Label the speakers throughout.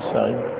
Speaker 1: side.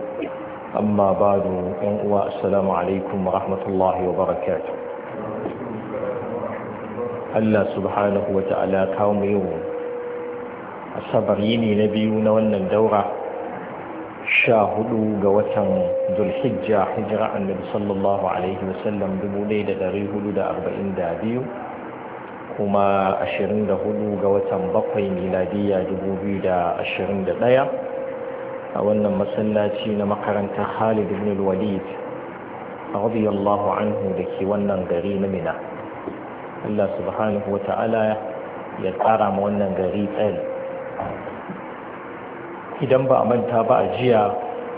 Speaker 2: amma ba da yan uwa assalamu alaikum wa rahmatullahi wa barakatu Allah subhanahu wa ta'ala kawo mu yau asabar yini na biyu na wannan daura sha hudu ga watan zulhijja hijira annabi sallallahu alaihi wasallam dubu ɗaya da ɗari hudu da arba'in da biyu kuma ashirin da hudu ga watan bakwai miladiya dubu biyu da ashirin da ɗaya a wannan masallaci na makarantar Khalid ibn al-Walid radiyallahu anhu da ke wannan gari na Mina Allah subhanahu wa ta'ala ya ƙara ma wannan gari tsayi idan ba a manta ba a jiya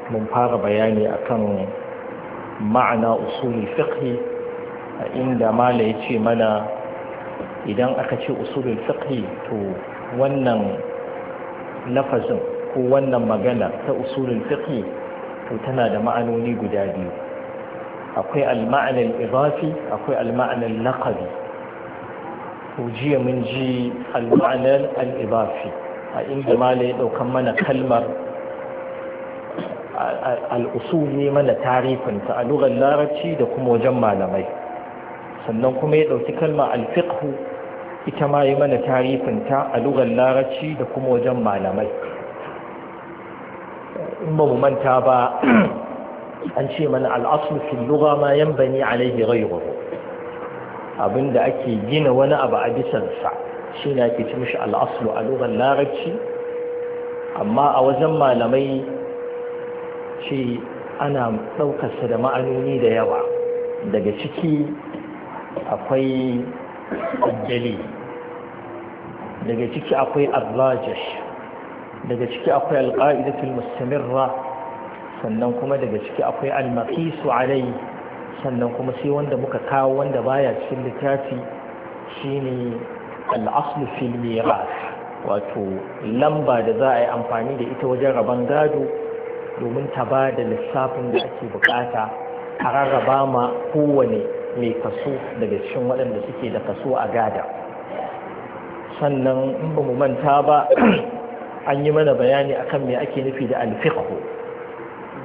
Speaker 2: mun fara bayani akan ma'ana usuli fiqhi inda mala ya ce mana idan aka ce usulul fiqhi to wannan nafasin ko wannan magana ta usulun fiqh to tana da ma'anoni guda biyu akwai al-ma'ana akwai al-ma'ana ko jiya mun ji al-ma'ana a inda malai ya daukan mana kalmar al mana tarifinta a lugar larabci da kuma wajen malamai sannan kuma ya ɗauki kalmar alfikhu ita ma yi mana tarifinta a lugar larabci da kuma wajen malamai in ba mu manta ba an ce mana al'asul fil ma ma yanbani alaihi abin
Speaker 3: abinda ake gina wani abu a bisan sa shine ake ci mishi al'aslu a lugar larabci amma a wajen malamai ce ana ɗaukarsa da ma'anoni da yawa daga ciki
Speaker 2: akwai dalil daga ciki akwai arlajish daga ciki akwai fil mustamirra
Speaker 3: sannan kuma daga ciki akwai almaqisu alai sannan kuma sai wanda muka
Speaker 2: kawo wanda baya cikin littafi shine al'aslu fil mirath wato lamba da za a yi amfani da ita wajen raban gado domin ta ba da lissafin da ake bukata a rarraba ma kowane mai
Speaker 3: kaso daga cikin waɗanda suke da kaso a gada sannan in ba mu manta ba an yi mana bayani akan me ake nufi da alfiqhu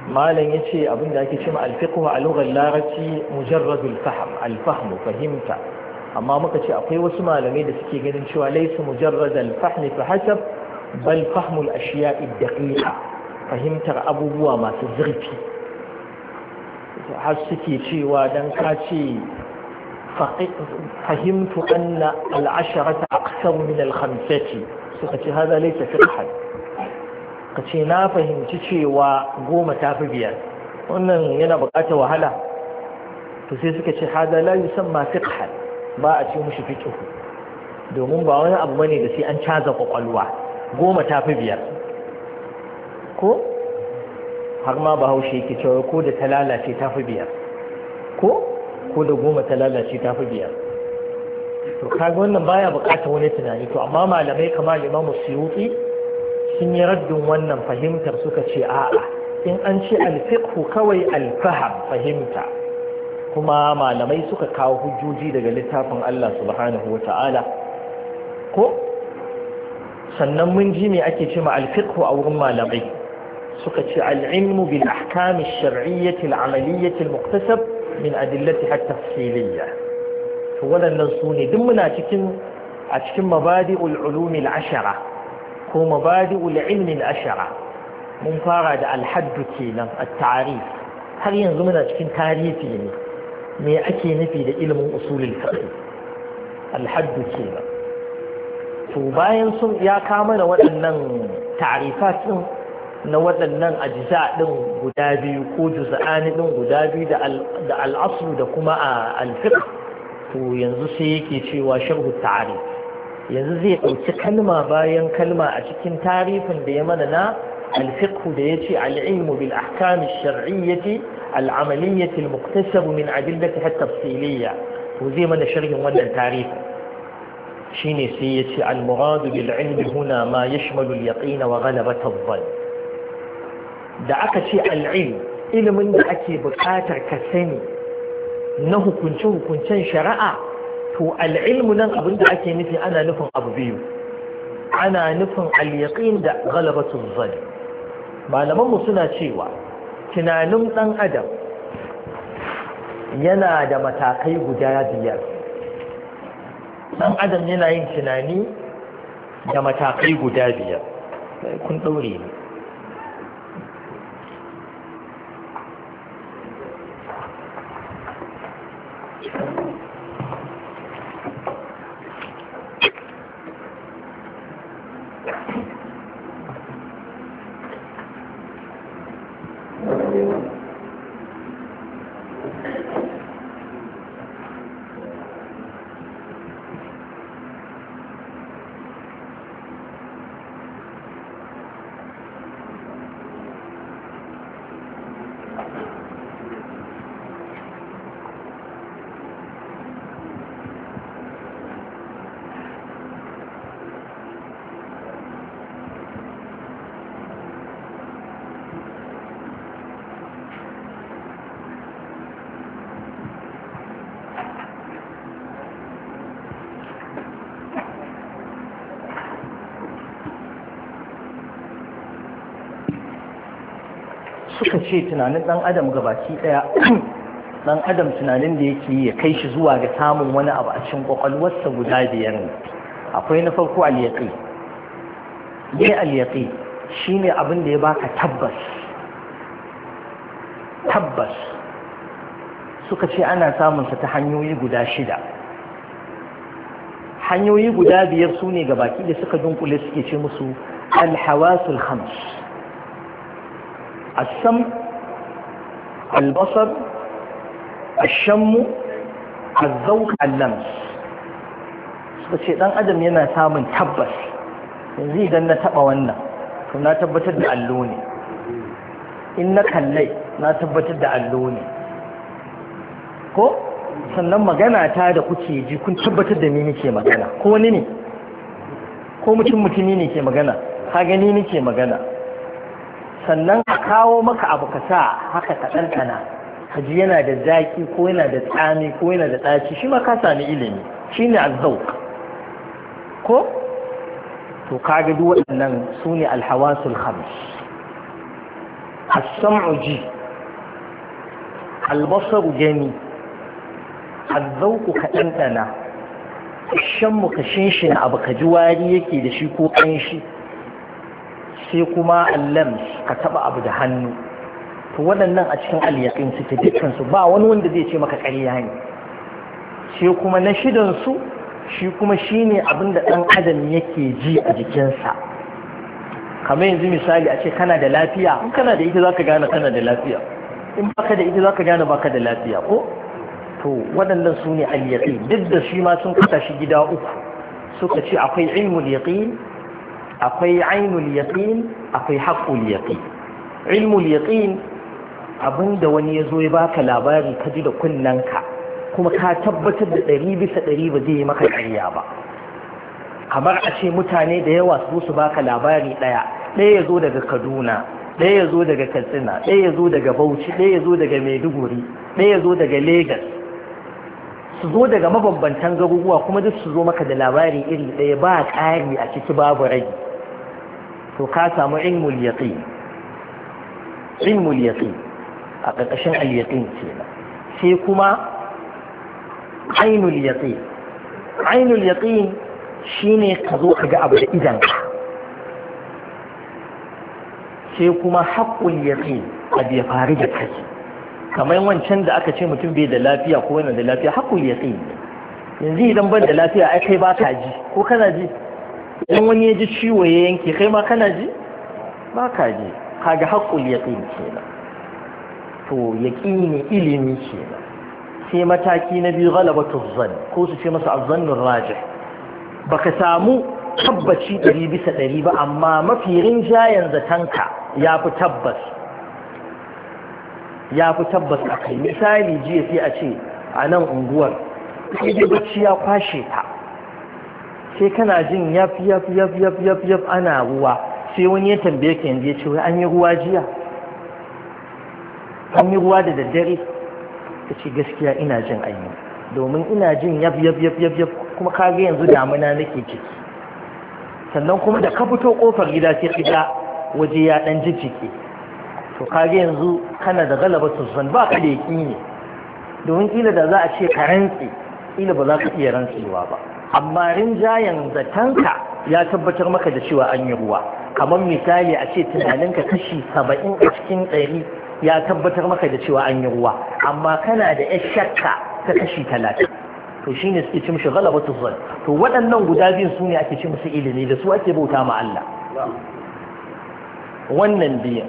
Speaker 3: malam yace abin da ake cewa alfiqhu a lugar larabci mujarradul fahm alfahmu fahimta amma muka ce akwai wasu malamai da suke ganin cewa laysa mujarrada fahm fa hasab bal fahmul ashiya'i daqiqa fahimtar abubuwa masu zurfi har suke cewa dan ka ce fahimtu anna al-asharata aktsar min al-khamsati suka ce haza ta fi ahad ka ce na fahimci cewa goma ta fi biyar wannan yana buƙatar wahala to sai suka ce haza la yusamma fiqhan ba a ce mushi fiqhu domin ba wani abu bane da sai an caza kwakwalwa goma ta fi biyar ko har ma bahaushe yake cewa ko da ta lalace ta fi biyar ko da goma ta lalace ta fi biyar to kaga wannan baya bukatar wani tunani to amma malamai kamar Imam Suyuti sun yi raddin wannan fahimtar suka ce a'a in an ce alfiqhu kawai alfaham fahimta kuma malamai suka kawo hujjoji daga littafin Allah subhanahu wata'ala ko sannan mun ji me ake ce ma alfiqhu a wurin malamai suka ce al'ilmu bil ahkam ash-shar'iyyah al-'amaliyyah al-muqtasab min adillati at-tafsiliyya to waɗannan su ne duk muna cikin a cikin mabadi'ul ulumil ashara ko mabadi'ul ilmil ashara mun fara da alhaddu kenan a tarif har yanzu muna cikin tarihi ne me ake nufi da ilimin usulul fiqh alhaddu kenan to bayan sun ya kama da waɗannan ta'rifat din na waɗannan ajiza din guda biyu ko juz'ani din guda biyu da al-aslu da kuma al to yanzu sai yake cewa sharhu ta'arif yanzu zai ɗauki kalma bayan kalma a cikin tarifin da ya mana na alfiqhu da yace al-ilmu bil ahkam ash-shar'iyyati al-amaliyyati al-muktasab min adillati at-tafsiliyya to zai mana sharhin wannan tarifi shine sai yace al-murad bil ilmi huna ma yashmalu al-yaqin wa ghalabat adh-dhann da aka ce al-ilm ilimin da ake bukatar ka sani na hukunce-hukuncen shari'a to al'ilmu nan abin da ake nufi ana nufin abu biyu ana nufin al’yaƙin da da galabatun zali malamanmu suna cewa tunanin ɗan adam yana da matakai guda biyar ɗan adam yana yin tunani da matakai guda biyar kun ɗaure ne ce tunanin ɗan adam gabaki ɗaya ɗan adam tunanin da yake ya kai shi zuwa ga samun wani abu a cikin kwakwalwarsa guda biyar ne akwai na farko aliyaƙi ne aliyaƙi shi ne abin da ya baka tabbas tabbas suka ce ana samunsa ta hanyoyi guda shida hanyoyi guda biyar su ne baki da suka dunkule suke ce musu alhawasul khams sam. البصر الشم الذوق اللمس suka dan adam yana samun tabbas yanzu idan na taba wannan to na tabbatar da allo ne in na kallai na tabbatar da allo ne ko sannan magana ta da kuke ji kun tabbatar da ni nake magana ko wani ne ko mutum mutumi ne ke magana ka gani nake magana sannan ka kawo maka abu ka sa haka ka ɗanɗana ka ji yana da zaki ko yana da tsami ko yana da ɗaci shi ma ka sami ilimi shi ne azzauk ko to ka ga duk waɗannan su ne alhawasul khams as-sam'u ji al-basaru gani azzauku ka ɗanɗana mu ka shinshina abu ka ji wari yake da shi ko ƙanshi sai kuma allams ka taba abu da hannu to waɗannan a cikin alyaƙin suke dukkansu ba wani wanda zai ce maka ƙarya ne sai kuma na shidansu shi kuma shine abin da ɗan adam yake ji a jikinsa kamar yanzu misali a ce kana da lafiya in kana da ita zaka gane kana da lafiya in baka da ita zaka gane baka da lafiya ko to waɗannan su ne duk da shi ma sun kasa shi gida uku suka ce akwai ilmul yaqin akwai ainul yaƙin akwai haƙul yaƙi ilmul yaƙin abinda wani ya zo ya baka labari ka ji da kunnanka kuma ka tabbatar da ɗari bisa ɗari ba zai yi maka ƙarya ba kamar a ce mutane da yawa su su baka labari ɗaya ɗaya ya zo daga kaduna ɗaya ya zo daga katsina ɗaya ya zo daga bauchi ɗaya ya zo daga maiduguri ɗaya ya zo daga Legas. su zo daga mabambantan garuruwa kuma duk su zo maka da labari iri ɗaya ba ƙari a ciki babu rage to ka samu ilmul yaqin ilmul yaqin a ƙarƙashin al yaqin ce sai kuma ainul yaqin ainul yaqin shine ka zo ka ga abu da idan ka sai kuma haƙƙul yaqin abu ya faru da kai kamar wancan da aka ce mutum bai da lafiya ko yana da lafiya haƙƙul yaqin yanzu idan ban da lafiya ai kai ba ka ji ko kana ji idan wani ya ji ciwo ya yanke kai ma kana ji ba ka ji kaga haƙƙul yaqin kenan to ilimin ilimi kenan sai mataki na biyu ghalabatu zann ko su ce masa raja -Ba ka samu tabbaci ɗari bisa ɗari ba amma mafi rinjayen zatanka ya fi tabbas ya fi tabbas a kai misali jiya sai a ce a nan unguwar sai bacci ya kwashe ta sai kana jin yaf yaf yaf yaf yaf yaf ana ruwa sai wani ya tambaye ka yanzu ya ce wai an yi ruwa jiya an yi ruwa da daddare Ka ce gaskiya ina jin ayi domin ina jin yaf yaf yaf yaf yaf kuma ka ga yanzu damuna nake ciki sannan kuma da ka fito kofar gida sai ka waje ya dan jijjike to ka ga yanzu kana da galaba sosan ba ka da yaki ne domin kila da za a ce ka rantse kila ba za ka iya rantsewa ba amma rinjayen zatanka ya tabbatar maka da cewa an yi ruwa kamar misali a ce tunaninka kashi saba'in a cikin ɗari ya tabbatar maka da cewa an yi ruwa amma kana da ya shakka ta kashi talatin to shi ne suke cimshi galabatu zan to waɗannan guda biyun su ne ake ci musu ilimi da su ake bauta ma Allah wannan biyan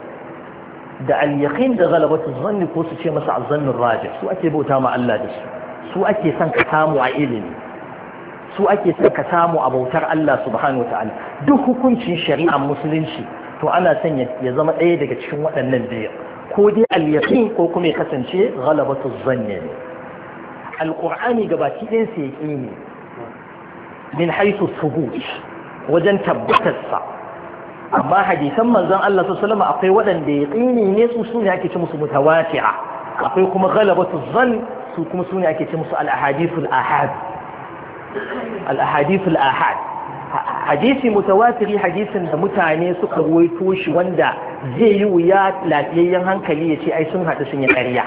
Speaker 3: da al-yaqin da galabatu zanni ko su ce masa azannin rajih su ake bauta ma Allah da su su ake son ka samu a ilimi su ake son ka samu a bautar Allah subhanahu wataala duk hukuncin shari'ar musulunci to ana son ya zama ɗaya daga cikin waɗannan biyu ko dai al-yaqin ko kuma ya kasance ghalabatu zanni ne al-qur'ani gabaki ɗayan sa yaqini ne min haythu thubut wajen tabbatar sa amma hadisan manzon Allah sallallahu alaihi akwai waɗanda ya yaqini ne su sune ake ce musu mutawati'a akwai kuma ghalabatu zanni su kuma sune ake ce musu al-ahadithul ahad al-ahadith al-ahad hadisi mutawatiri hadisin da mutane suka ruwaito shi wanda zai yi wuya lafiyayyen hankali ya ce ai sun haɗu sun yi ƙarya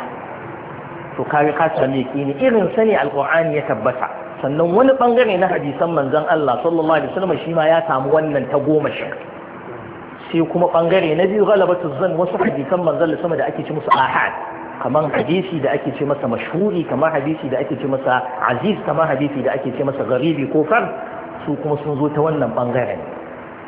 Speaker 3: to kare ka sami ne irin sani Alƙur'ani ya tabbata sannan wani bangare na hadisan manzon Allah sallallahu alaihi wasallam shi ma ya samu wannan ta goma shi sai kuma ɓangare na biyu ghalabatu zan wasu hadisan manzon Allah sama da ake ci musu ahad kamar hadisi da ake ce masa mashhuri kamar hadisi da ake ce masa aziz kamar hadisi da ake ce masa garibi ko far su kuma sun zo ta wannan bangaren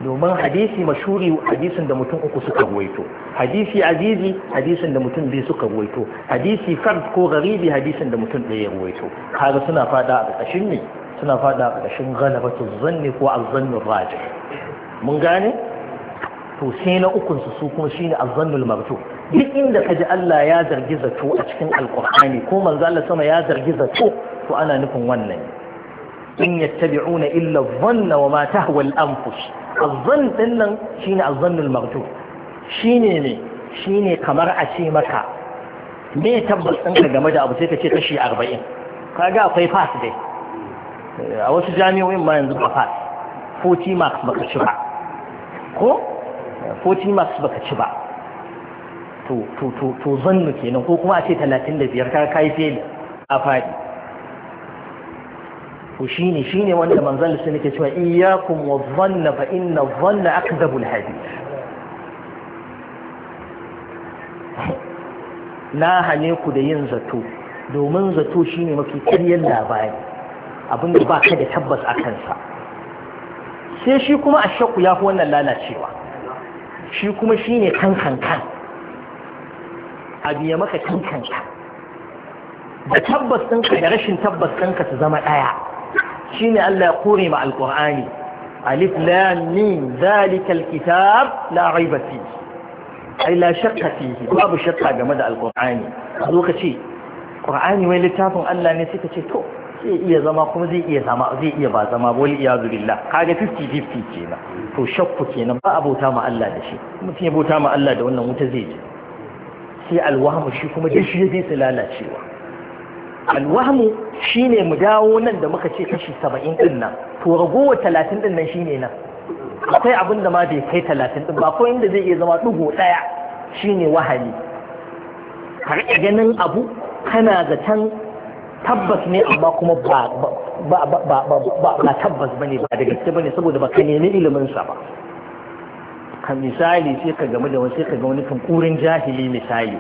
Speaker 3: domin hadisi mashhuri hadisin da mutum uku suka ruwaito hadisi azizi hadisin da mutum biyu suka ruwaito hadisi fard ko garibi hadisin da mutum ɗaya ruwaito kaga suna fada a ƙarƙashin ne suna fada a ƙarƙashin galabatu zanni ko azzannul rajih mun gane to sai na ukun su su kuma shine azzannul marjuh duk inda ka ji Allah ya zargi zato a cikin alkur'ani ko manzo Allah sama ya zargi zato to ana nufin wannan in yattabi'una illa dhanna wa ma tahwa al-anfus az-dhann din nan shine az-dhann al-maghdub shine ne shine kamar a ce maka me tabbas din ka game da abu sai ka ce kashi 40 kaga akwai pass dai a wasu jami'o'in ma yanzu ba pass 40 marks baka ci ba ko 40 marks baka ci ba to zannu kenan ko kuma a ce talatin da biyar ka kai feli a faɗi ne shi ne wanda manzon lissu nake cewa iyakun wa dhanna fa inna dhanna akdhabul hadith na hane ku da yin zato domin zato shi ne mafi ƙaryar labari abinda ba ka da tabbas a kansa sai shi kuma a shakku ya fi wannan lalacewa shi kuma shine kan kan kan abu ya maka kankanka da tabbas ɗinka da rashin tabbas ɗinka su zama ɗaya shi ne Allah ya kore ma alƙur'ani alif lam mim zalikal kitab la raiba fihi ai la shakka fihi babu shakka game da alqur'ani zo ka ce qur'ani wai littafin Allah ne suka ce to zai iya zama kuma zai iya zama zai iya ba zama ba wal iyazu billah kaga 50 50 kenan to shakku kenan ba abota ma Allah da shi mutum ya bauta ma Allah da wannan wuta zai je sai alwahamu shi kuma da shi zai su lalacewa alwahamu shi ne mu dawo nan da muka ce kashi saba'in ɗin nan to ragowa talatin ɗin nan shi ne nan akwai abin da ma bai kai talatin ɗin ba ko inda zai iya zama ɗigo ɗaya shi ne wahali ka ganin abu kana zaton tabbas ne amma kuma ba tabbas ba ne ba da gaske ba ne saboda ba ka nemi sa ba ka misali sai ka game da wasu ka ga wani kankurin jahili misali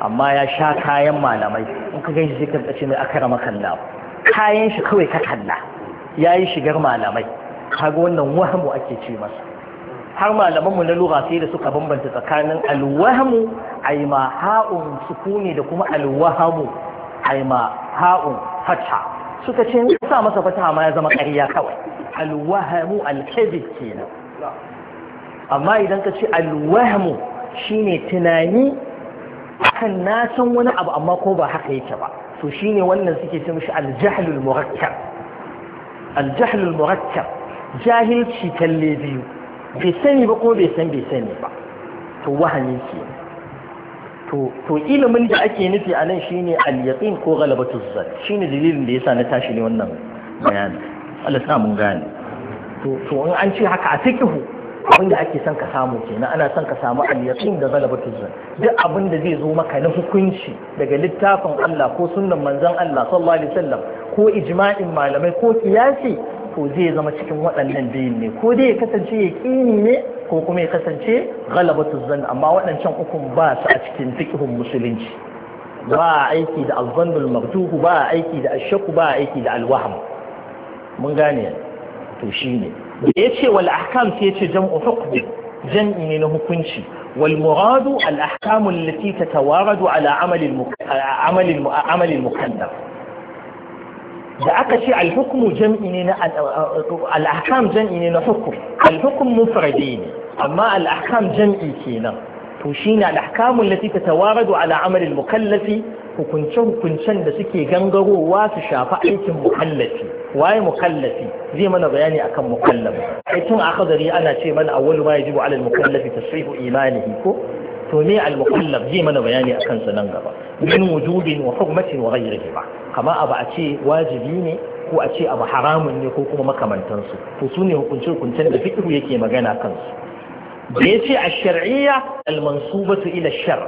Speaker 3: amma ya sha kayan malamai in ka gaishe sai ka ce mai akara makalla kayan shi kawai ka kalla ya yi shigar malamai kaga wannan wahamu ake ce masa har malaman mu na lura sai da suka bambanta tsakanin alwahamu ma ha'un sukuni da kuma alwahamu ma ha'un fatha suka ce sa masa fatha ma ya zama ƙarya kawai alwahamu alkazib kenan amma idan ka ce alwahmu shine tunani kan na san wani abu amma ko ba haka yake ba to shine wannan suke ce mishi aljahlul murakkab aljahlul murakkab jahilci talle biyu bai sani ba ko bai san bai sani ba to wahani ke to to ilimin da ake nufi a nan shine al-yaqin ko ghalabatu zan shine dalilin da yasa na tashi ne wannan bayani Allah sa mun gane to to in an ce haka a fiqhu abin da ake son ka samu kenan ana son ka samu al da galabatul zan duk abin da zai zo maka na hukunci daga littafin Allah ko sunnan manzon Allah sallallahu alaihi wasallam ko ijma'in malamai ko kiyasi ko zai zama cikin waɗannan biyun ne ko dai ya kasance yaqini ne ko kuma ya kasance galaba zan amma waɗancan ukun ba su a cikin fiqhun musulunci ba aiki da al martuhu ba aiki da Ashaku. ba aiki da al mun gane to shine da yace wal ahkam sai yace jam'u hukm jam'i ne na hukunci wal muradu al ahkam allati tatawaradu ala amal al amal al mukallaf da aka ce al hukm jam'i ne na al ahkam jam'i ne na hukm al hukm mufradi ne amma al ahkam jam'i kenan to shine al ahkam allati tatawaradu ala amal al mukallafi hukunce-hukuncen da suke gangarowa su shafi aikin mukallafi waye mukallafi zai mana bayani akan mukallaf ai tun a zari ana ce mana awwalu ma yajibu ala al-mukallafi tasrihu imanihi ko to me al-mukallaf zai mana bayani akan sa nan gaba min wujubin wa hukmatin wa ghayrihi ba kama abu a ce wajibi ne ko a ce abu haramun ne ko kuma makamantansu to su ne hukunce hukuncen da fiqhu yake magana kansu da yace ash-shar'iyya al-mansubatu ila shar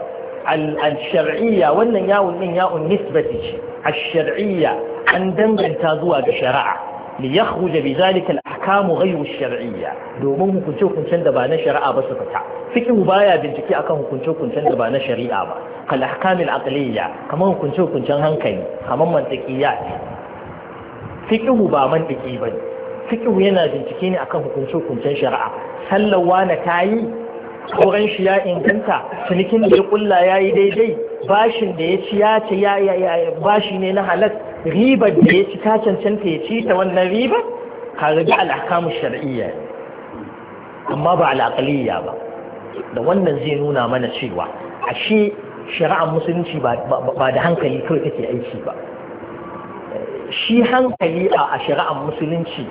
Speaker 3: al-shar'iyya wannan yawun din yawun nisbati ce al-shar'iyya an danganta zuwa ga shari'a li yakhruj bi zalika al-ahkam ghayr shariyya domin hukunce hukuncen da ba na shari'a ba su fita fiqh baya bincike akan hukunce hukuncen da ba na shari'a ba kal ahkam al-aqliyya kamar hukunce hukuncen hankali kamar mantiqiyya fiqh ba mantiki bane fiqh yana bincike ne akan hukunce hukuncen shari'a sallawa na tayi koren shi ya inganta cinikin da ya kulla ya yi daidai bashin da ya ci ya ce ya bashi ne na halas ribar da ya ci ta cancanta ya ci ta wannan ribar ka riga al'akamu shar'iyya amma ba al'aqaliyya ba da wannan zai nuna mana cewa ashe shari'ar musulunci ba da hankali kawai take aiki ba shi hankali a shari'ar musulunci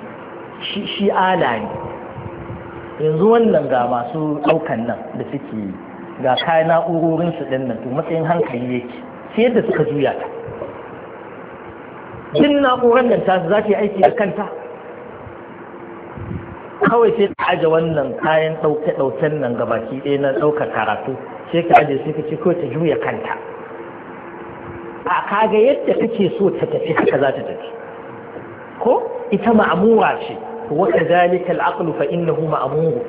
Speaker 3: shi ala ne yanzu wannan ga masu ɗaukan nan da suke yi ga kayan na'urorin su ɗin nan to matsayin hankali yake sai yadda suka juya ta duk na'urar nan ta za ta yi aiki da kanta kawai sai ka aje wannan kayan ɗauke-ɗauken nan ga baki ɗaya na ɗaukar karatu sai ka aje sai ka ce kawai ta juya kanta a kaga yadda kake so ta tafi haka za ta tafi ko ita ma'amura ce to wa kadhalika al-aql fa innahu ma'mur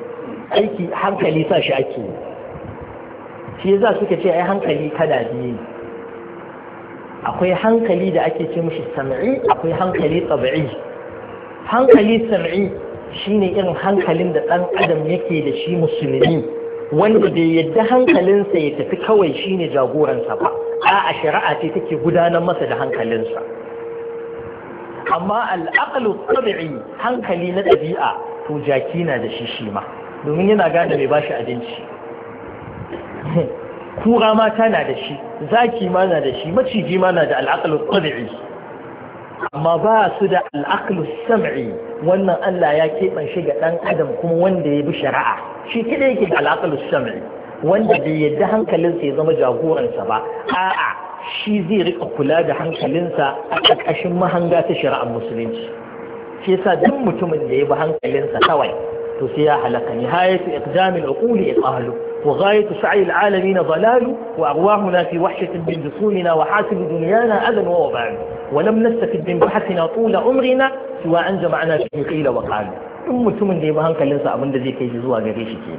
Speaker 3: aiki hankali sa shi ake shi za suka ce ai hankali kada biyu akwai hankali da ake ce mishi sam'i akwai hankali tabi'i hankali sam'i shine irin hankalin da ɗan adam yake da shi musulmi wanda bai yadda hankalinsa ya tafi kawai shine jagoransa ba a a shari'a ce take gudanar masa da hankalinsa amma al'aqlu tabi'i hankali na ɗabi'a to jaki na da shi shi ma domin yana gane mai bashi abinci kura ma tana da shi zaki ma na da shi maciji ma na da al'aqlu tabi'i amma ba su da al'aqlu sam'i wannan Allah ya keɓan shi ga ɗan adam kuma wanda ya bi shari'a shi kada yake da al'aqlu sam'i wanda bai yadda hankalinsa ya zama jagoransa ba a'a shi zai rika kula da hankalinsa a ƙarƙashin mahanga ta shari'ar musulunci shi yasa duk mutumin da ya bi hankalinsa kawai to sai ya halaka hayatu iqdamil uquli iqalu wa ghayatu sa'i alalamin dalalu wa arwahuna fi wahshatin min dusulina wa hasib dunyana adan wa wabal wa lam nastafid min bahathina tula umrina siwa an jama'na fi qila wa qalu mutumin da ya bi hankalinsa abinda zai kai zuwa gare shi ke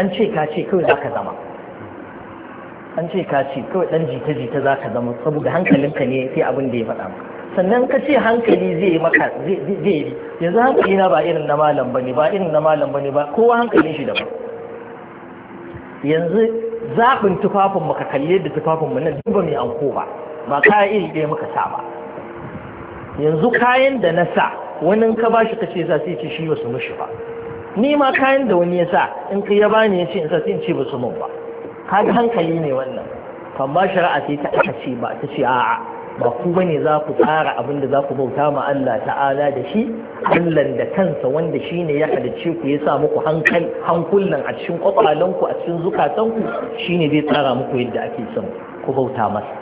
Speaker 3: an ce ka ce kawai zaka zama an ce ka ce kawai dan jita jita za ka zama saboda hankalinka ne sai abin da ya faɗa maka sannan ka ce hankali zai maka zai yi yanzu hankali na ba irin na malam ba ne ba irin na malam ba ne ba kowa hankalin shi daban yanzu zaɓin tufafin maka ka kalle da tufafin mu nan duba mai anko ba ba kaya iri ɗaya muka sa ba yanzu kayan da na sa wani ka ba shi ka ce sa sai ce shi ba su mushi ba ni ma kayan da wani ya sa in ka ya bani ya ce in sa sai in ce ba su mun ba kaga hankali ne wannan ba shari'a sai ta aka ce ba ta ce a'a ba ku bane za ku tsara abin da za ku bauta ma Allah ta'ala da shi Allah da kansa wanda shi ne ya halice ku ya sa muku hankali hankulan a cikin kwakwalanku a cikin zukatanku Shi ne zai tsara muku yadda ake son ku bauta masa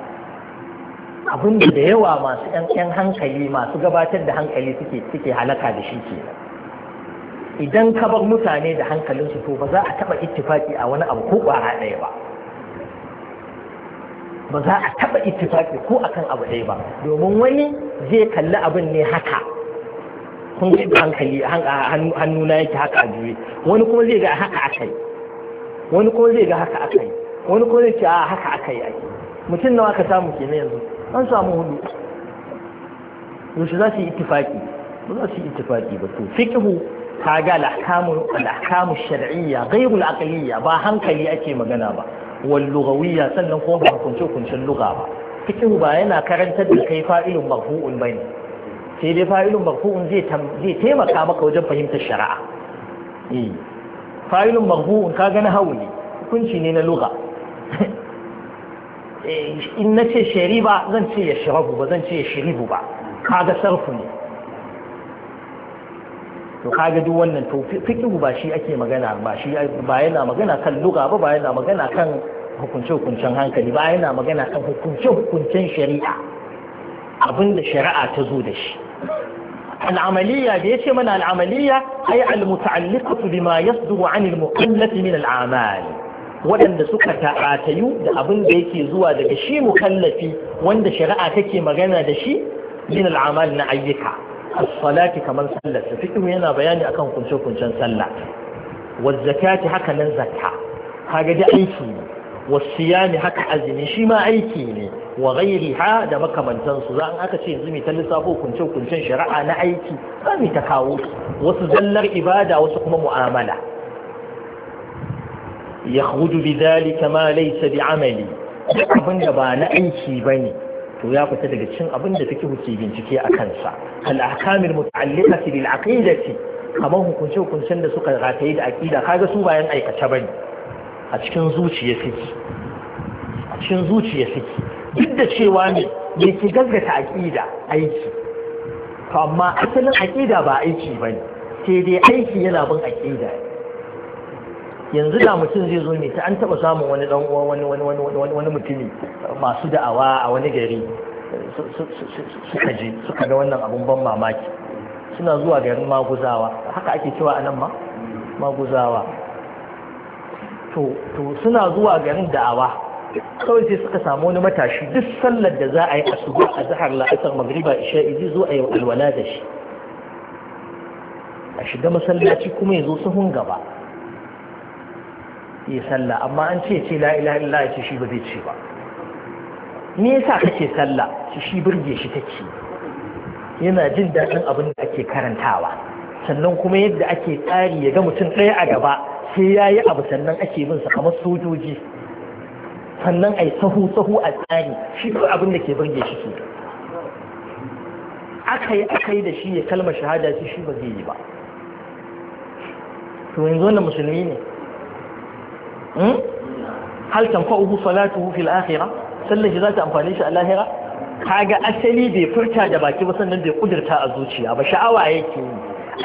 Speaker 3: abin da da yawa masu 'yan hankali masu gabatar da hankali suke halaka da shi kenan idan ka bar mutane da hankalinsu to ba za a taɓa ittifaki a wani abu ko ƙwara ɗaya ba ba za a taɓa ittifaki ko akan abu ɗaya ba domin wani zai kalli abin ne haka kun ga hankali hannuna yake haka a juye wani kuma zai ga haka aka yi wani kuma zai ga haka aka yi wani kuma zai ce a haka aka yi ake mutum nawa ka samu kenan yanzu an samu hudu yaushe za su yi ittifaki ba za su yi ittifaki ba to fiqhu kaga al-ahkamu al-ahkamu shar'iyya ghayr al ba hankali ake magana ba wal lughawiyya sannan kuma ba hukunce hukuncen lugha ba fiqh ba yana karantar da kai fa'ilun marfu'un bane sai dai fa'ilun marfu'un zai zai taimaka maka wajen fahimtar shari'a eh fa'ilun marfu'un kaga na hauli hukunci ne na lugha eh, in na nace shariba zan ce ya shirabu ba zan ce ya shiribu ba kaga sarfu ne to kaga duk wannan to fiqh ba shi ake magana ba shi ba yana magana kan lugha ba ba yana magana kan hukunce hukuncen hankali ba yana magana kan hukunce hukuncen shari'a abinda shari'a ta zo da shi al'amaliya da yace mana al'amaliya ay al-muta'alliqatu bima yasduru 'an al min al-a'mal waɗanda suka ta'atayu da abin da yake zuwa daga shi mukallafi wanda shari'a take magana da shi min al na ayyuka as-salati kamar sallar da fiqh yana bayani akan kunce kuncen sallah wa zakati haka nan zakka kaga da aiki ne wa siyami haka azumi shi ma aiki ne wa ghairiha da makamantan su za an aka ce yanzu mai ta lissafo kunce kuncen shari'a na aiki ba ta kawo wasu zallar ibada wasu kuma mu'amala yakhruju bi dhalika ma laysa bi amali abin da ba na aiki bane to ya fita daga cin abin da fiqh ke bincike a kansa al ahkamil muta'alliqati bil aqidati kamar hukunce hukuncen da suka rataye da aqida kaga su bayan aikace bane a cikin zuciya suke a cikin zuciya suke duk da cewa ne me ke gaggata aqida aiki to amma asalin aqida ba aiki bane sai dai aiki yana bin aqida ne yanzu da mutum zai zo ne ta an taɓa samun wani dan uwa wani wani wani wani mutumi masu da'awa a wani gari suka je suka ga wannan abun ban mamaki suna zuwa garin maguzawa haka ake cewa a nan ma maguzawa to to suna zuwa garin da'awa kawai sai suka samu wani matashi duk sallar da za a yi asuba a zahar la'asar magriba isha zai zo a yi alwala da shi a shiga masallaci kuma ya zo sahun gaba yi sallah amma an ce ce la’ila illa ya ce shi ba zai ce ba me yasa kake sallah shi shi burge shi take yana jin daɗin abin da ake karantawa sannan kuma yadda ake tsari ya ga mutum ɗaya a gaba sai ya yi abu sannan ake bin sa kamar sojoji sannan a yi sahu-sahu a tsari shi ko abin da ke birge shi ke aka yi aka yi da shi ya kalmar shahada shi shi ba zai yi ba to yanzu wannan musulmi ne Hmm? hal uku salatuhu fil akhirah sallar shi za ta amfane shi a lahira kaga asali bai furta da baki ba sannan bai kudurta a zuciya ba sha'awa yake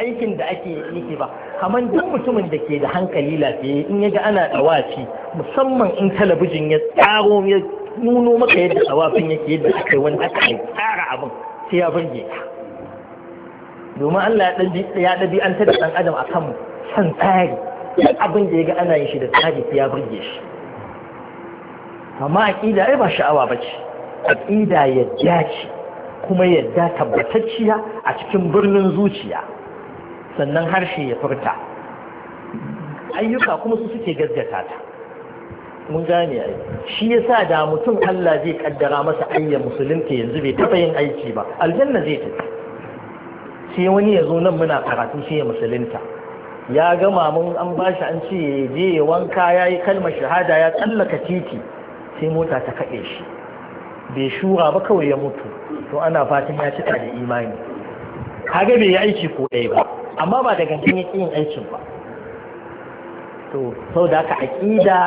Speaker 3: aikin da ake yake ba kamar duk mutumin da ke da hankali lafiya in yaga ana dawaci musamman in talabijin ya tsaro ya nuno maka yadda dawafin yake yadda aka yi wani aka yi tsara abin sai ya burge ka domin Allah ya dabi an ta da ɗan adam akan san tsari duk abin da ya ga ana yin shi da tajik ya burge shi amma aƙida ai ba sha'awa ba ce aƙida yadda ce kuma yadda tabbatacciya a cikin birnin zuciya sannan harshe ya furta ayyuka kuma su suke gaggata ta mun gane ai shi yasa da mutum Allah zai kaddara masa ayyan musulunta yanzu bai taba yin aiki ba aljanna zai tafi sai wani ya zo nan muna karatu sai ya musulunta ya gama mun an ba shi an ce ya je wanka ya yi kalmar shahada ya tsallaka titi sai mota ta kaɗe shi bai shura ba kawai ya mutu to ana fatan ya cika da imani kaga bai yi aiki ko ɗaya ba amma ba da gangan yake yin aikin ba to sau da aka aƙida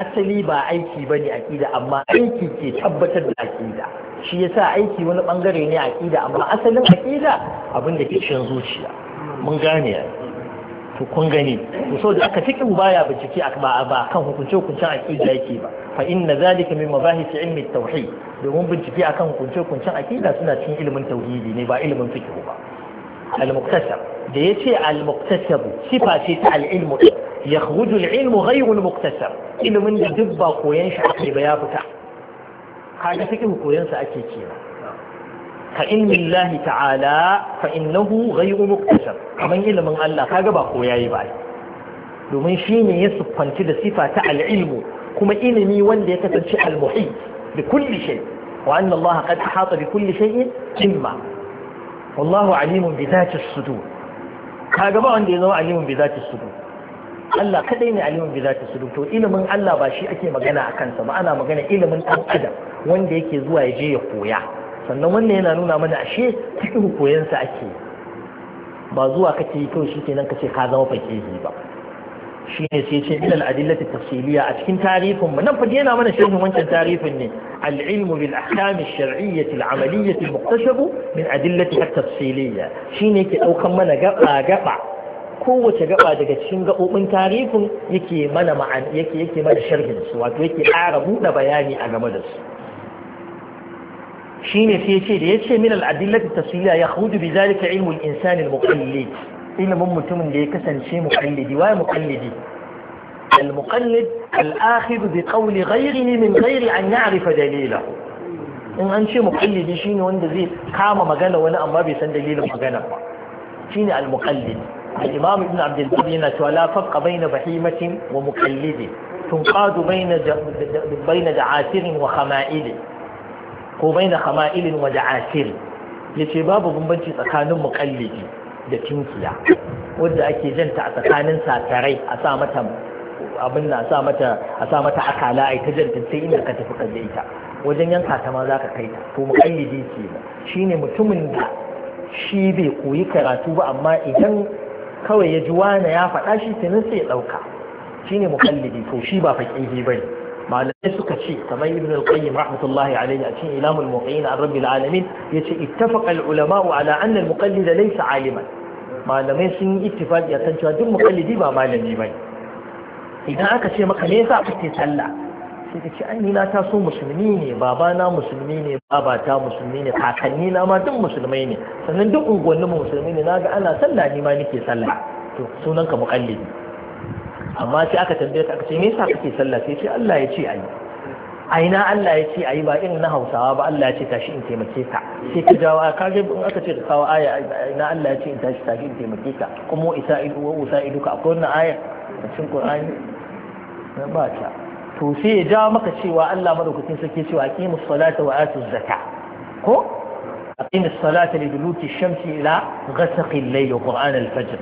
Speaker 3: asali ba aiki ba ne aƙida amma aiki ke tabbatar da aƙida shi ya sa aiki wani ɓangare ne aƙida amma asalin aƙida abin da ke cikin zuciya mun gane yanzu to kun gani to so da aka fiqh baya bincike ba a kan hukunce hukuncen aqida yake ba fa inna zalika min mabahis ilmi tauhid domin bincike akan hukunce hukuncen aqida suna cikin ilimin tauhidi ne ba ilimin fiqh ba al-muktasab da yace al-muktasab sifa ce ta al-ilmu yakhruju al-ilmu ghayru al-muktasab ilimin da ba koyan shi ake ba ya fita kaga fiqh koyan sa ake kenan ka ilmin lahi ta'ala fa innahu ghayru muktasab kaman ilimin Allah kaga ba ko yayi ba domin shi ya siffanci da sifa ta al'ilmu kuma ilimi wanda ya kasance al-muhit bi kulli shay wa anna Allah qad ahata bi kulli ilma wallahu kaga ba wanda ya zama Allah kadai ne alimin bi zati su to ilimin Allah ba shi ake magana a kansa ba ana magana ilimin ɗan adam wanda yake zuwa ya je ya koya sannan wannan yana nuna mana ashe cikin koyon ake ba zuwa kake yi kawai kenan kace ka zama fakihi ba ne sai ce ilal adillati tafsiliya a cikin tarihin mu nan fa yana mana sharhin wancan tarihin ne al-ilm bil ahkam al shariyyah al-amaliyyah al-muqtashab min adillati at Shi ne ke daukan mana gaba gaba kowace gaba daga cikin gabobin tarihin yake mana yake yake mana sharhin su wato yake ƙara buɗe bayani a game da su شين في شيء ليه شيء من الأدلة التفصيلية يخرج بذلك علم الإنسان المقلد إلا مم تمن ليه كسن شيء مقلد ويا مقلد المقلد الآخذ بقول غيره من غير أن يعرف دليله إن أن شيء مقلد شين وند زي كام ما قال وأنا أما بيسن دليل ما قال شين المقلد الإمام ابن عبد البر لا فرق بين بهيمة ومقلد تنقاد بين بين دعاسر وخمائل ko bai na baina khama'ilin wa ya ce babu bambanci tsakanin mukallidi da tunkiya wadda ake janta a tsakanin satarai a sa mata abin da a sa mata akala ai ta janta sai inda ka tafi ka ita wajen yanka ta ma za ka kai ta to ba shi ne mutumin da shi bai koyi karatu ba amma idan kawai ya ji wani ya faɗa shi sai ya ɗauka shi ne mukallidi to shi ba ba ne. malamai suka ce kamar ibn al-qayyim rahmatullahi alayhi a cikin ilamul muqayyin an rabbil alamin yace ittafaqa al-ulama'u ala anna al-muqallid laysa aliman malamai sun yi ittifaqi akan cewa duk muqallidi ba malami bane idan aka ce maka me yasa kake sallah sai ka ce ai na taso musulmi ne baba na musulmi ne baba ta musulmi ne kakanni na ma duk musulmai ne sannan duk unguwannin musulmi ne naga ana sallah ni ma nake sallah to sunanka muqallidi amma sai aka tambaye ka aka ce me yasa kake sallah sai ce Allah ya ce ayi aina Allah ya ce ayi ba irin na Hausawa ba Allah ya ce tashi in taimake ka sai ka jawo ka ga in aka ce ka kawo aya aina Allah ya ce in tashi tashi in taimake ka kuma isa'idu wa usaiduka akwai wannan aya a cikin Qur'ani ba ta to sai ya jawo maka cewa Allah madaukakin sarki cewa aqimus salata wa atuz zakat ko أقيم الصلاة لدلوك الشمس إلى wa الليل al الفجر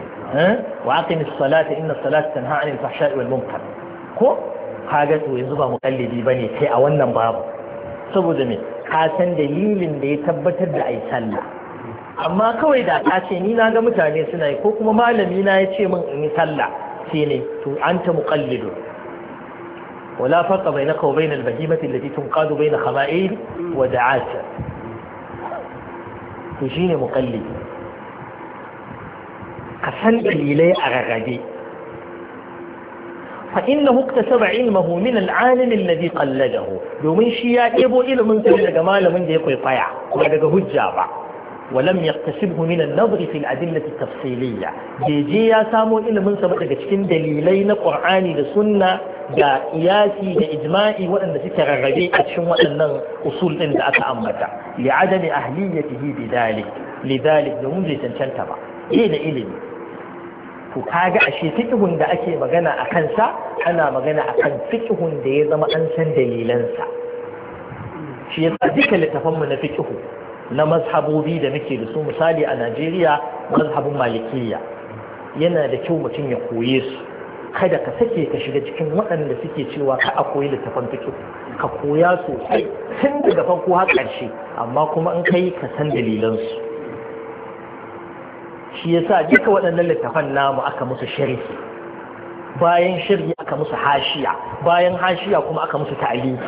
Speaker 3: wa aqim salata inna as-salata tanha 'anil fahsha'i wal munkar ko kaga to yanzu ba mukallidi bane kai a wannan babu saboda me ka san dalilin da ya tabbatar da ai sallah amma kawai da ka ce ni na ga mutane suna yi ko kuma malami na ya ce min in yi sallah sai ne to anta muqallidu ولا فرق بينك وبين البهيمة التي تنقاد بين خمائل ودعاتها تجيني مقلد ka san dalilai a rarrabe fa inna hukta saba ilmahu min al'alim alladhi qalladahu domin shi ya ɗebo ilimin sa daga malamin da ya kwaikwaya ba daga hujja ba ولم يكتسبه من النظر في الأدلة التفصيلية جيجي يا سامو إلى من سبق تكين دليلين قرآن لسنة دا إياسي دا إجماعي وأن تكر الربيع أتشم وأن أصول إن أتأمتا لعدم أهليته بذلك لذلك نمجي تنشنتبا إيه إلمي to kaga ashe fiqhun da ake magana a kansa ana magana a kan fiqhun da ya zama an san dalilansa shi yasa duka littafan mu na fiqhu na mazhabobi da muke da su misali a Najeriya mazhabin Malikiyya yana da kyau mutum ya koye su kada ka sake ka shiga cikin waɗanda suke cewa ka a koyi littafan fiqhu ka koya sosai tun daga farko har ƙarshe amma kuma in kai ka san dalilansu shi yasa duka waɗannan littafan namu aka musu sharhi bayan shirgi aka musu hashiya bayan hashiya kuma aka musu ta'aliki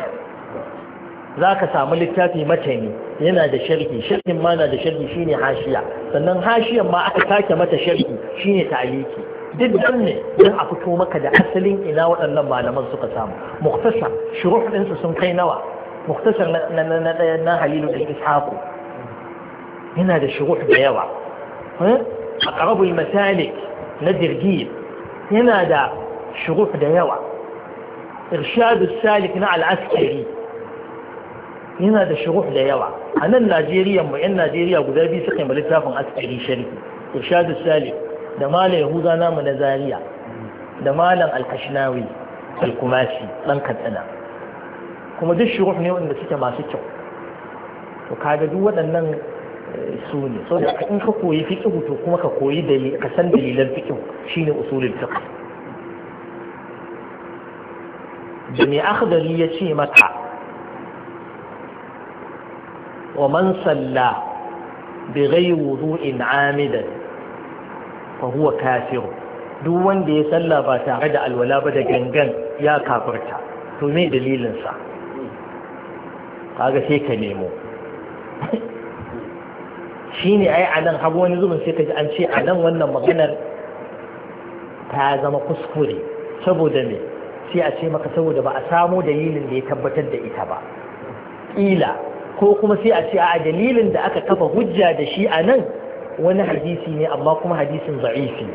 Speaker 3: za ka samu littafi matani yana da sharhi sharhin ma na da sharhi shine hashiya sannan hashiyan ma aka sake mata shirhi shine ta'aliki duk dan ne don a fito maka da asalin ina waɗannan malaman suka samu Muktasa shuruh ɗinsu sun kai nawa muktasar na na halilu da ishaku yana da shuruh da yawa eh? aqrabul masalik na jirgin yana da shuruf da yawa irshadu salik na al'askari yana da shuruf da yawa a nan najeriya mu yan najeriya guda biyu suka yi littafin askari sharifi irshadu salik da malam yahuda namu na Zariya da malam alkashnawi alkumasi ɗan katsina kuma duk shuruf ne wanda suke masu kyau to kaga duk waɗannan su ne so da in ka koyi fiqh to kuma ka koyi dalil ka san dalilan fiqh shine usulul fiqh da mai akhdari ya ce maka wa man salla bi ghayri wudu'in amidan fa huwa kafir duk wanda ya salla ba tare da alwala ba da gangan ya kafirta to me dalilinsa kaga sai ka nemo Shi ne a nan hagu wani zubin sai ka ji an ce a nan wannan maganar ta zama kuskure saboda me sai a ce maka saboda ba a samo dalilin da ya tabbatar da ita ba ƙila ko kuma sai a ce a dalilin da aka kafa hujja da shi a nan wani hadisi ne amma kuma hadisin za'ifi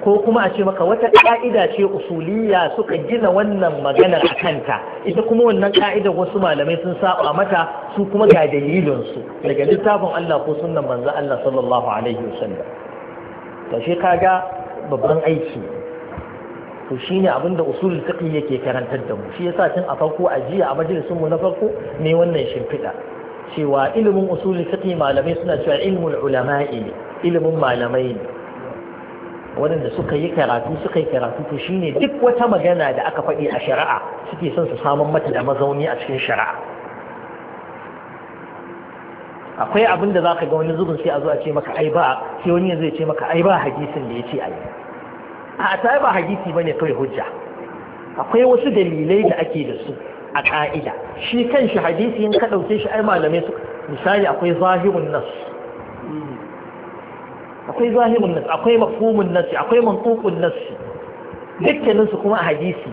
Speaker 3: ko kuma a ce maka wata ƙa'ida ce usuliya suka gina wannan maganar a kanta ita kuma wannan ka'idar wasu malamai sun saba mata su kuma ga dalilinsu daga littafin Allah ko sunnan manzo Allah sallallahu alaihi wasallam to shi kaga babban aiki to shine abin da usulul fiqh yake karantar da mu shi yasa tun a farko a jiya a majalisin mu na farko ne wannan shimfiɗa cewa ilimin usulul fiqh malamai suna cewa ilmul ulama'i ilimin malamai ne waɗanda suka yi karatu suka yi karatu to shine duk wata magana da aka faɗi a shari'a suke son su samun mata da mazauni a cikin shari'a akwai abin da zaka ga wani zubin sai a zo a ce maka ai ba sai wani zai ce maka ai ba hadisin da yace ai a ta ba hadisi bane kai hujja akwai wasu dalilai da ake da su a ka'ida shi kanshi hadisi in ka ɗauke shi ai malamai su misali akwai zahirun nas akwai zahirin nas akwai mafhumun nas akwai mantuqun nas Dukkaninsu kuma a hadisi